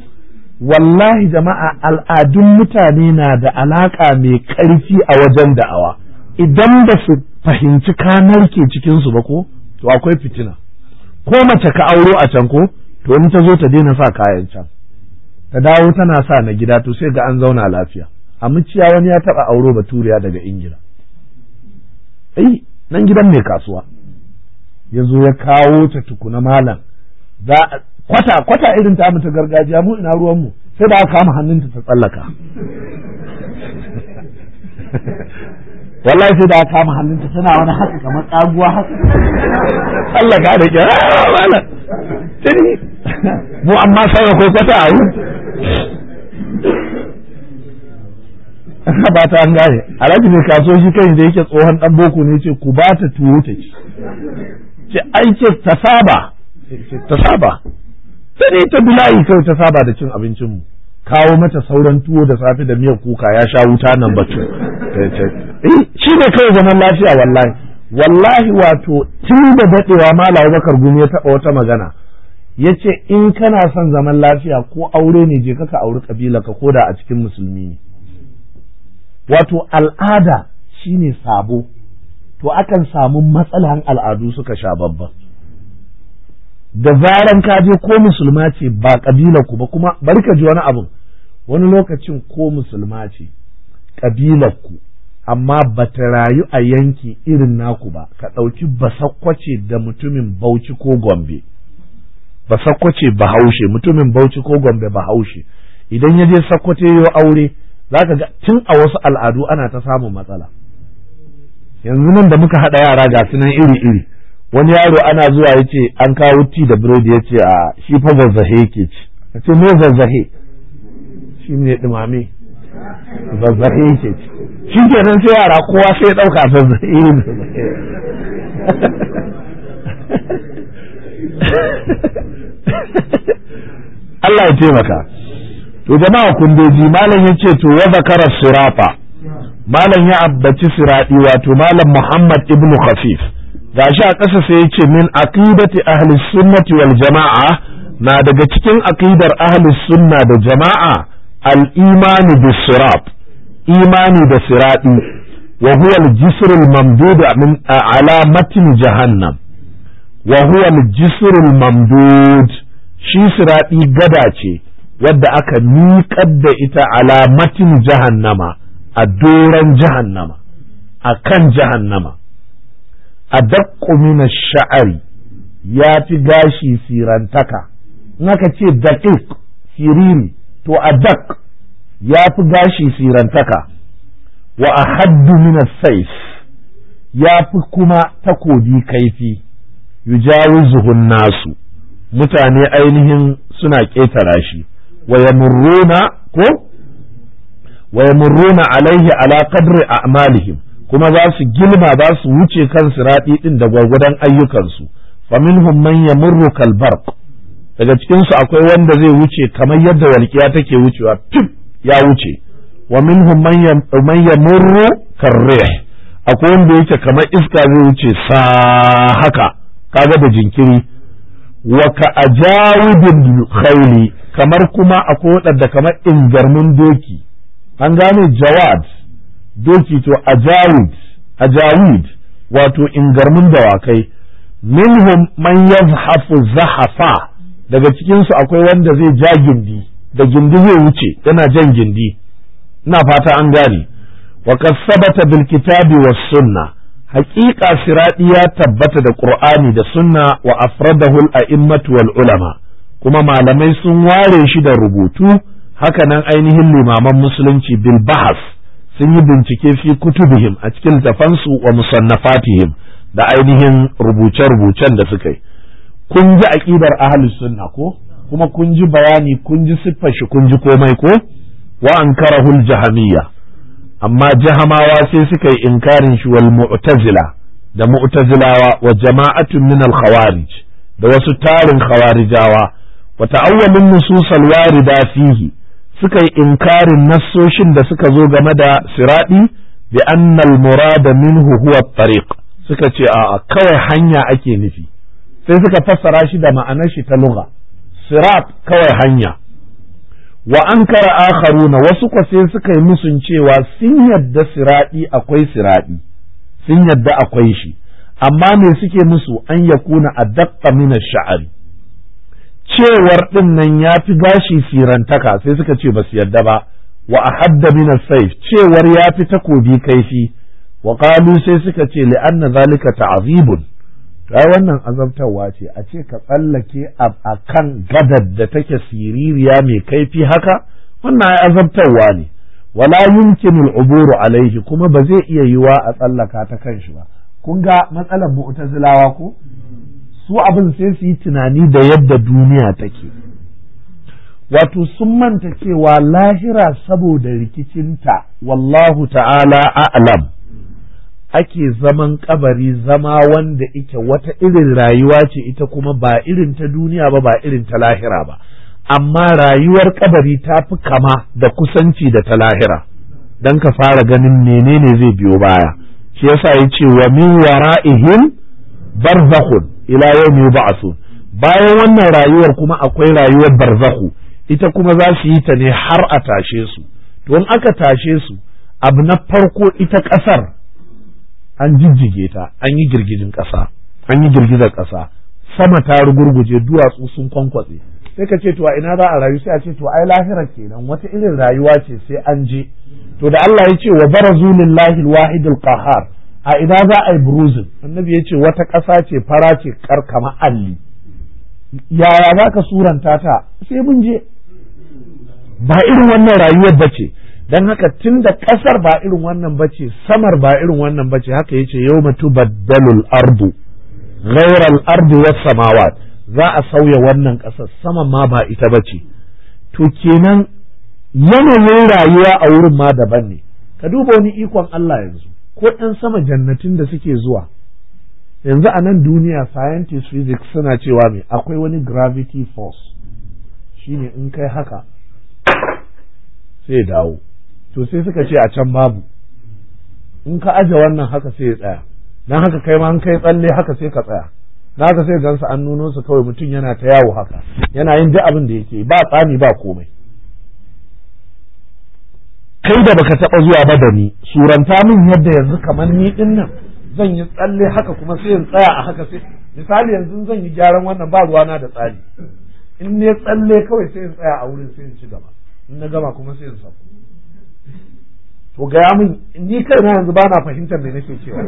wallahi jama'a al'adun mutane na da alaƙa mai ƙarfi a wajen da'awa idan ba su fahimci kanar ke cikinsu ba ko to akwai fitina ko mace ka auro a can ko to wani ta zo ta daina sa kayan can ta dawo tana sa na gida to sai ga an zauna lafiya a muciya wani ya taɓa auro baturiya daga ingila ai nan gidan mai kasuwa Yanzu ya kawo ta tukuna malam za kwata kwata irin ta ta gargajiya mu ina ruwan mu sai da aka kama hannunta ta tsallaka wallahi sai da aka kama hannunta tana wani haka kamar tsaguwa haka tsallaka da ke wala ah, mu amma sai ko kwata a ba ta an gane alhaji mai kaso shi kan da yake tsohon dan boko ne ce ku ba ta tuwo ta ci ce ai ce ta saba ta saba ta ta bula'i kawai ta saba da cin abincin mu kawo mata sauran tuwo da safe da miyar kuka ya sha wuta nan batu eh, eh, eh, shi ne kawai zaman lafiya wallahi wallahi wato tun da daɗewa ma bakar gumi ya taɓa wata magana ya ce in kana son zaman lafiya ko aure ne je kaka auri ƙabila ka koda a cikin musulmi wato al'ada shine sabo to akan samu matsalan al'adu suka sha babban da zaran ka je ko musulma ce ba kabilar ku ba kuma bari ka ji wani abu wani lokacin ko musulma ce kabilar ku amma ba ta rayu a yanki irin naku ba ka ɗauki basakwace da mutumin bauchi ko gombe basakwace bahaushe mutumin bauchi ko gombe bahaushe idan ya je sakwace yau aure za ka ga tun a wasu al'adu ana ta samun matsala yanzu nan da muka haɗa yara ga sunan iri-iri wani yaro ana zuwa ya ce an kawo ti da biredi ya ce a shi fa zazzahe yake ci a ce me zazzahe shi ne dumame zazzahe yake ci shi kenan sai yara kowa sai ya ɗauka zazzahe ne Allah ya taimaka to jama'a kundoji malam ya ce to wa zakara surafa malam ya abbaci siradi wato malam Muhammad ibnu Khafif gashi a ƙasa sai ya ce min aqidati ahli sunnati wal jama'a na daga cikin aqidar ahli sunna da jama'a al imani bis sirat imani da sirati wa huwa al jisr al mamdud min jahannam wa huwa al jisr al mamdud shi sirati gada ce wadda aka miƙar da ita alamatin jahannama a doran jahannama a kan jahannama A min mina sha'ari ya fi gashi sirantaka in aka ce daqiq siriri to adaq ya fi gashi sirantaka wa a haddu mina sa'if ya fi kuma takobi kaifi yujawizuhun nasu mutane ainihin suna ƙetara shi wa ko wa alaihi ala qadri a'malihim kuma za su gilma za su wuce kan siraɗi ɗin da gwagwadon ayyukansu famin man ya kalbar daga cikinsu akwai wanda zai wuce kamar yadda walƙiya take wucewa fif ya wuce wa minhum man yamurru karre akwai wanda yake kamar iska zai wuce sa haka kaga da jinkiri wa ka ajawibin khayli kamar kuma akwai waɗanda kamar ingarmin doki an gane jawad doki to ajawid ajawid wato ingarmin dawakai minhum man yazhafu zahafa daga cikinsu akwai wanda zai ja gindi da gindi zai wuce yana jan gindi ina fata an gane wa kasabata bil kitabi was sunna haqiqa siradi ya tabbata da qur'ani da sunna wa afradahu al a'immatu wal ulama kuma malamai sun ware shi da rubutu haka nan ainihin limaman musulunci bil bahas sun yi bincike fi kutubihim a cikin tafansu wa musannafatihim da ainihin rubuce-rubucen da suka yi kun ji aqidar ahli sunna ko kuma kun ji bayani kun ji siffar shi kun ji komai ko wa ankarahul jahamiyya amma jahamawa sai suka yi inkarin shi wal mu'tazila da mu'tazilawa wa jama'atun min al khawarij da wasu tarin khawarijawa wa ta'awwalun nusus al warida fihi suka yi inkarin nassoshin da suka zo game da siradi bi annal murada minhu huwa tariq suka ce a kawai hanya ake nufi sai suka fassara shi da ma'anar shi ta lugha sirat kawai hanya wa ankara akharuna wasu ko sai suka yi musun cewa sun yadda siradi akwai siradi sun yadda akwai shi amma me suke musu an yakuna adaqqa min ash-sha'ri cewar ɗin nan ya fi gashi sirantaka sai suka ce ba su yarda ba wa ahadda min as-sayf cewar ya fi takobi kaifi wa qalu sai suka ce li'an na zalika ta'azibun. Ta wannan azabtarwa ce a ce ka tsallake a kan gadar da take siririya mai kaifi haka wannan ai azabtarwa ne wala yumkinu al-uburu alaihi kuma ba zai iya yiwa a tsallaka ta kan shi ba kun ga matsalar mu'tazilawa ko su abin sai su yi tunani da yadda duniya take wato sun manta cewa lahira saboda rikicinta wallahu ta'ala a'lam ake zaman kabari zama wanda ike wata irin rayuwa ce ita kuma ba irin ta duniya ba ba irin ta lahira ba amma rayuwar kabari ta fi kama da kusanci da ta lahira don ka fara ganin menene zai biyo baya shi yasa ya ce wa min wara'ihim barzakhun ila yawmi yub'asun bayan wannan rayuwar kuma akwai rayuwar barzahu ita kuma za su yi ta ne har a tashe su to in aka tashe su abu na farko ita ƙasar an jijjige ta an yi girgijin ƙasa an yi girgizar ƙasa sama ta rugurguje duwatsu sun kwankwatse sai ka ce to ina za a rayu sai a ce to ai lahira kenan wata irin rayuwa ce sai an je to da Allah ya ce wa barazulillahi alwahidul alwahid a ina za a yi buruzin annabi ya ce wata ƙasa ce fara ce karkama alli yaya za ka suranta ta sai mun je ba irin wannan rayuwar ba ce don haka tun da ƙasar ba irin wannan ba ce samar ba irin wannan ba ce haka ya ce yau mutu baddalul ardu ghairal ardu was samawat za a sauya wannan ƙasar saman ma ba ita ba ce to kenan yanayin rayuwa a wurin ma daban ne ka duba wani ikon Allah yanzu ko ɗan sama jannatin da suke zuwa yanzu a nan duniya scientist physics suna cewa mai akwai wani gravity force shine in kai haka sai dawo to sai suka ce a can babu in ka aje wannan haka sai ya tsaya don haka kai ma in kai tsalle haka sai ka tsaya na haka sai gansa an nuno su kawai mutum yana ta yawo haka yana yin duk abin da yake ba tsami ba komai kai da baka taba zuwa ba da ni suranta min yadda yanzu kamar ni din nan zan yi tsalle haka kuma sai in tsaya a haka sai misali yanzu zan yi gyaran wannan ba ruwana da tsari in ne tsalle kawai sai in tsaya a wurin sai in ci gaba in na gama kuma sai in sa to gaya min ni kai na yanzu ba na fahimtar me nake cewa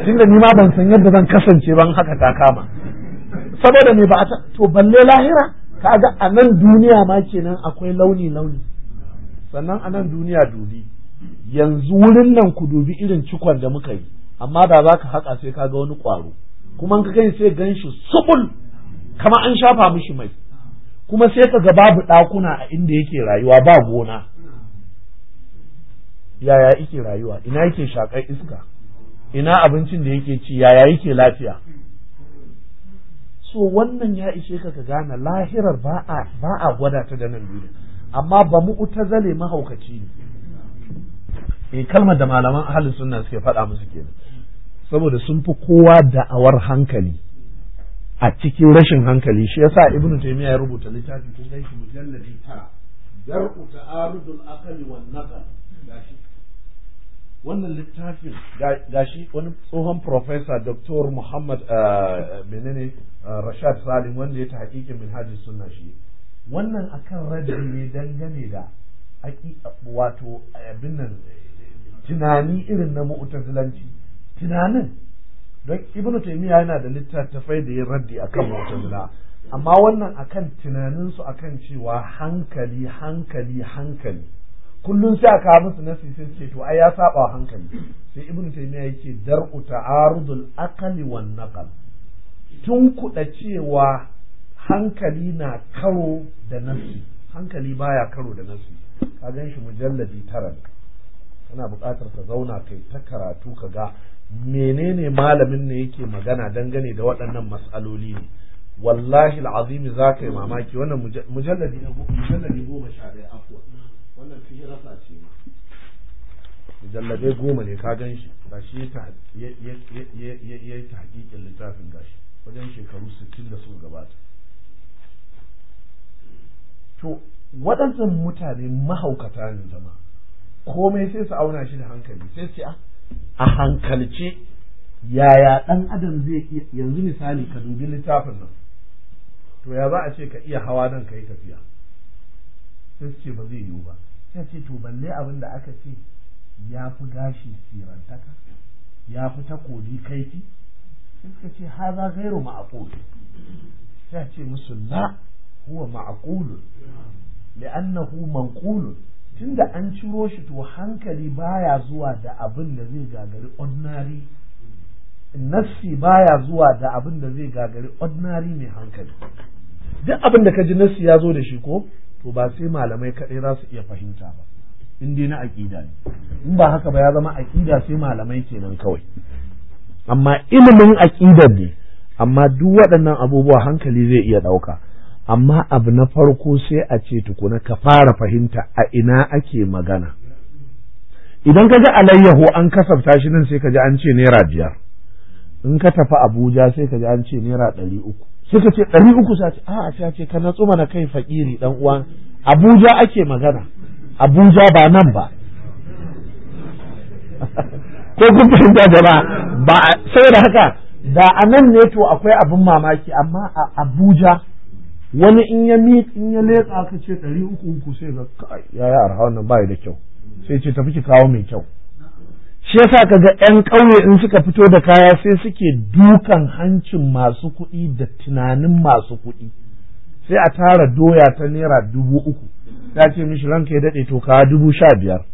tunda ni ma ban san yadda zan kasance ban haka ta kama saboda me ba to balle lahira kaga a nan duniya ma kenan akwai launi launi sannan a nan duniya dubi yanzu wurin nan ku dubi irin cikon da muka yi amma da za ka haƙa sai ka ga wani ƙwaro kuma ka gani sai gan shi subul kama an shafa mishi mai kuma sai ka ga babu ɗakuna a inda yake rayuwa ba gona yaya yake rayuwa ina yake shaƙar iska ina abincin da yake ci yaya yake lafiya so wannan ya ishe ka ka gane lahirar ba a gwada ta da nan duniya amma ba mu zale mahaukaci ne eh kalmar da malaman ahlus sunna suke faɗa musu kenan saboda sun fi kowa da'awar hankali a cikin rashin hankali shi yasa ibn taymiya ya rubuta littafin kun ganshi mujalladi tara dar'u ta'arudul aqli wan naqal gashi wannan littafin gashi wani tsohon professor dr muhammad ah, menene ah, rashad salim wanda ya ta hakikin minhajis sunna shi wannan akan raji ne dangane da wato abin nan tunani irin na mu'tazilanci tunanin don ibnu taymiya yana da littattafai da ya raddi akan mu'tazila amma wannan akan tunanin su akan cewa hankali hankali hankali kullun sai aka musu nasi sai ce to ai ya saba hankali sai ibnu taymiya yake dar'u ta'arudul aqli wan naqal tun kuɗa cewa hankali na karo da nafsi hankali baya karo da nafsi ka gan shi mujalladi tara kana buƙatar ka zauna kai ta karatu ka ga menene malamin ne yake magana dangane da waɗannan matsaloli ne wallahi al'azim za ka yi mamaki wannan mujalladi na mujalladi goma sha ɗaya afuwa wannan fi rasa ce ma mujalladai goma ne ka gan shi ga shi ya yi ta hakikin littafin gashi wajen shekaru sittin da suka gabata to waɗannan mutane mahaukata ne zama komai sai su auna shi da hankali sai su ah, a hankalce yaya ɗan adam zai iya yanzu misali ka dubi littafin nan to ya za a ce ka iya hawa nan ka yi tafiya sai su ce ba zai yiwu ba sai ce to balle abin da aka ce ya fi gashi sirantaka ya fi takobi kaifi sai suka ce haza gairu ma'aqul sai ce musu la huwa ma'qulun li'annahu manqulun tunda an ciro shi to hankali baya zuwa da abin da zai gagari ordinary nassi baya zuwa da abin da zai gagari ordinary mai hankali duk abin da ka ji nassi ya zo da shi ko to ba sai malamai kaɗai za su iya fahimta ba in dai na aƙida ne in ba haka ba ya zama aƙida sai malamai kenan kawai amma ilimin aƙidar ne amma duk waɗannan abubuwa hankali zai iya ɗauka amma abu na farko sai a ce tukuna ka fara fahimta a ina ake magana idan ka ji alayyahu an kasafta shi nan sai ka ji an ce naira biyar in ka tafi abuja sai ka ji an ce naira ɗari uku sai ka ce ɗari uku sa ce a sai ce ka natsu mana kai fakiri dan uwan abuja ake magana abuja ba nan ba ko kun fahimta jama'a ba sai da haka da a nan ne to akwai abin mamaki amma a abuja wani in ya mi in ya leƙa ka ce ɗari uku uku sai ga ya yi arha wannan ba da kyau sai ce tafi ki kawo mai kyau shi yasa ka ga ƴan ƙauye in suka fito da kaya sai suke dukan hancin masu kuɗi da tunanin masu kuɗi sai a tara doya ta naira dubu uku Ta ce mishi ranka ya daɗe to kawo dubu sha biyar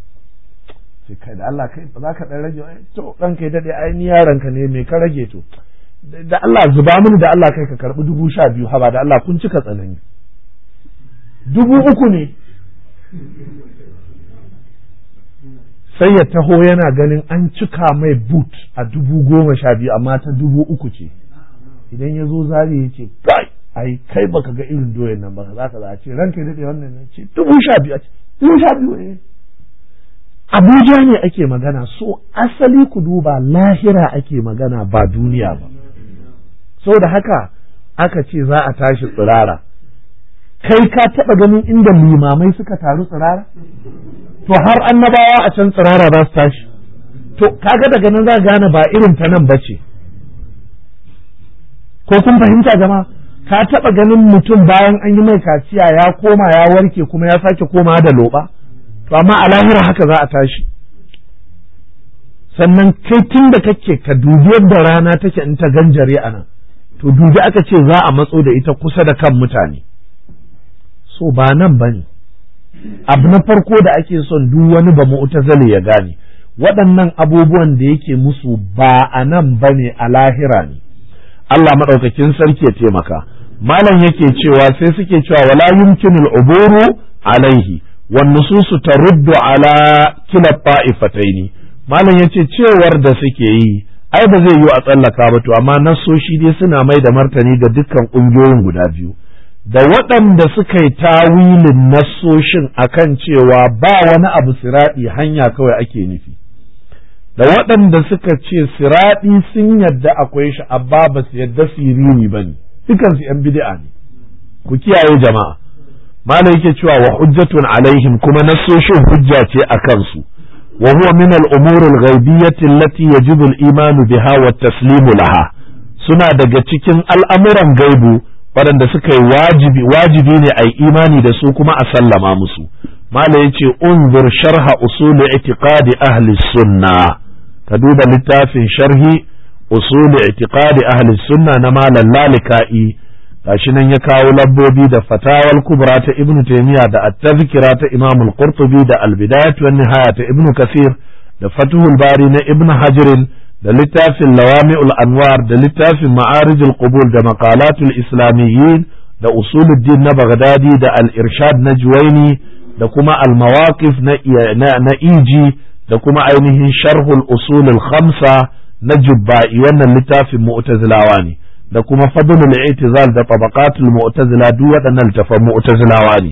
sai kai da Allah kai ba za ka ɗan rage eh, to ranka ya daɗe ai ni yaranka ne me ka rage to da Allah zuba mini da Allah kai ka karbi dubu sha biyu haba da Allah kun cika tsanani dubu uku ne sai ya taho yana ganin an cika mai boot a dubu goma sha biyu amma ta dubu uku ce idan ya zo zari ya ce kai ai kai baka ga irin doyen nan ba za ka za a ce ranka ya daɗe wannan nan ce dubu sha biyu a ce dubu sha biyu ne Abuja ne ake magana so asali ku duba lahira ake magana ba duniya ba Sau da haka aka ce za a tashi tsirara kai ka taɓa ganin inda limamai suka taru tsirara to har annabawa a can tsirara za su tashi to kaga daga nan za gane ba irin ta nan bace ko kun fahimta gama, ka taɓa ganin mutum bayan an yi mai kaciya ya koma ya warke kuma ya sake koma da loba to amma a lahira haka za a tashi sannan kai tun da kake ka dubi yadda rana take in ta ganjare a nan to dubi aka ce za a matso da ita kusa da kan mutane so ba nan ba ne abu na farko da ake son duk wani ba zale ya gane waɗannan abubuwan da yake musu ba a nan ba ne a lahira ne Allah maɗaukakin sarki ya taimaka malam yake cewa sai suke cewa wala yumkinul uburu alaihi su su taruddu ala kila ta'ifataini malam yace cewar da suke yi ai ba zai yi a tsallaka ba to amma nasoshi dai suna mai da martani ga dukkan ƙungiyoyin guda biyu da waɗanda suka yi tawilin nasoshin akan cewa ba wani abu siraɗi hanya kawai ake nufi da waɗanda suka ce siraɗi sun yadda akwai shi amma ba su yadda sirini ba ne dukansu ‘yan bid'a ne ku kiyaye jama'a malam yake cewa wa hujjatun alaihim kuma nasoshin hujja ce a kansu wa huwa min al-umur al-ghaibiyyah allati yajibu al-iman biha wa taslim laha suna daga cikin al'amuran gaibu waɗanda suka yi wajibi wajibi ne a imani da su kuma a sallama musu mala yace unzur sharha usul i'tiqad ahli sunna ka duba littafin sharhi usul i'tiqad ahli sunna na malam lalika'i gashi nan ya kawo labbobi da fatawal kubra ta ibn taymiya da at-tazkira ta imam al-qurtubi da al-bidayat wa nihaya ta ibn kasir da fatuhul bari na ibn hajar da littafin lawami'ul anwar da littafin ma'arijul qubul da maqalatul islamiyyin da usuluddin na bagdadi da al-irshad na juwaini da kuma al-mawaqif na iji da kuma ainihin sharhul usulul khamsa na jubba'i wannan littafin mu'tazilawa ne da kuma fadlul i'tizal da tabaqatul mu'tazila duk waɗannan littafan mu'tazilawa ne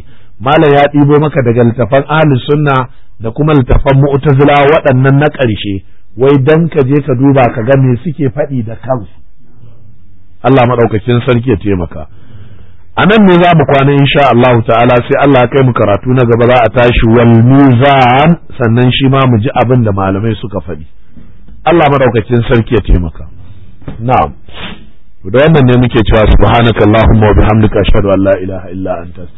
malam ya ɗibo maka daga littafan ahlus sunna da kuma littafan mu'tazila waɗannan na ƙarshe wai dan ka je ka duba ka ga me suke faɗi da kansu Allah madaukakin sarki ya taimaka a nan ne za mu kwana insha Allah ta'ala sai Allah kai mu karatu na gaba za a tashi wal mizan sannan shi ma mu ji abin da malamai suka faɗi Allah madaukakin sarki ya taimaka na'am da wannan ne muke cewa subhanakallahumma wa bihamdika ashhadu an la ilaha illa anta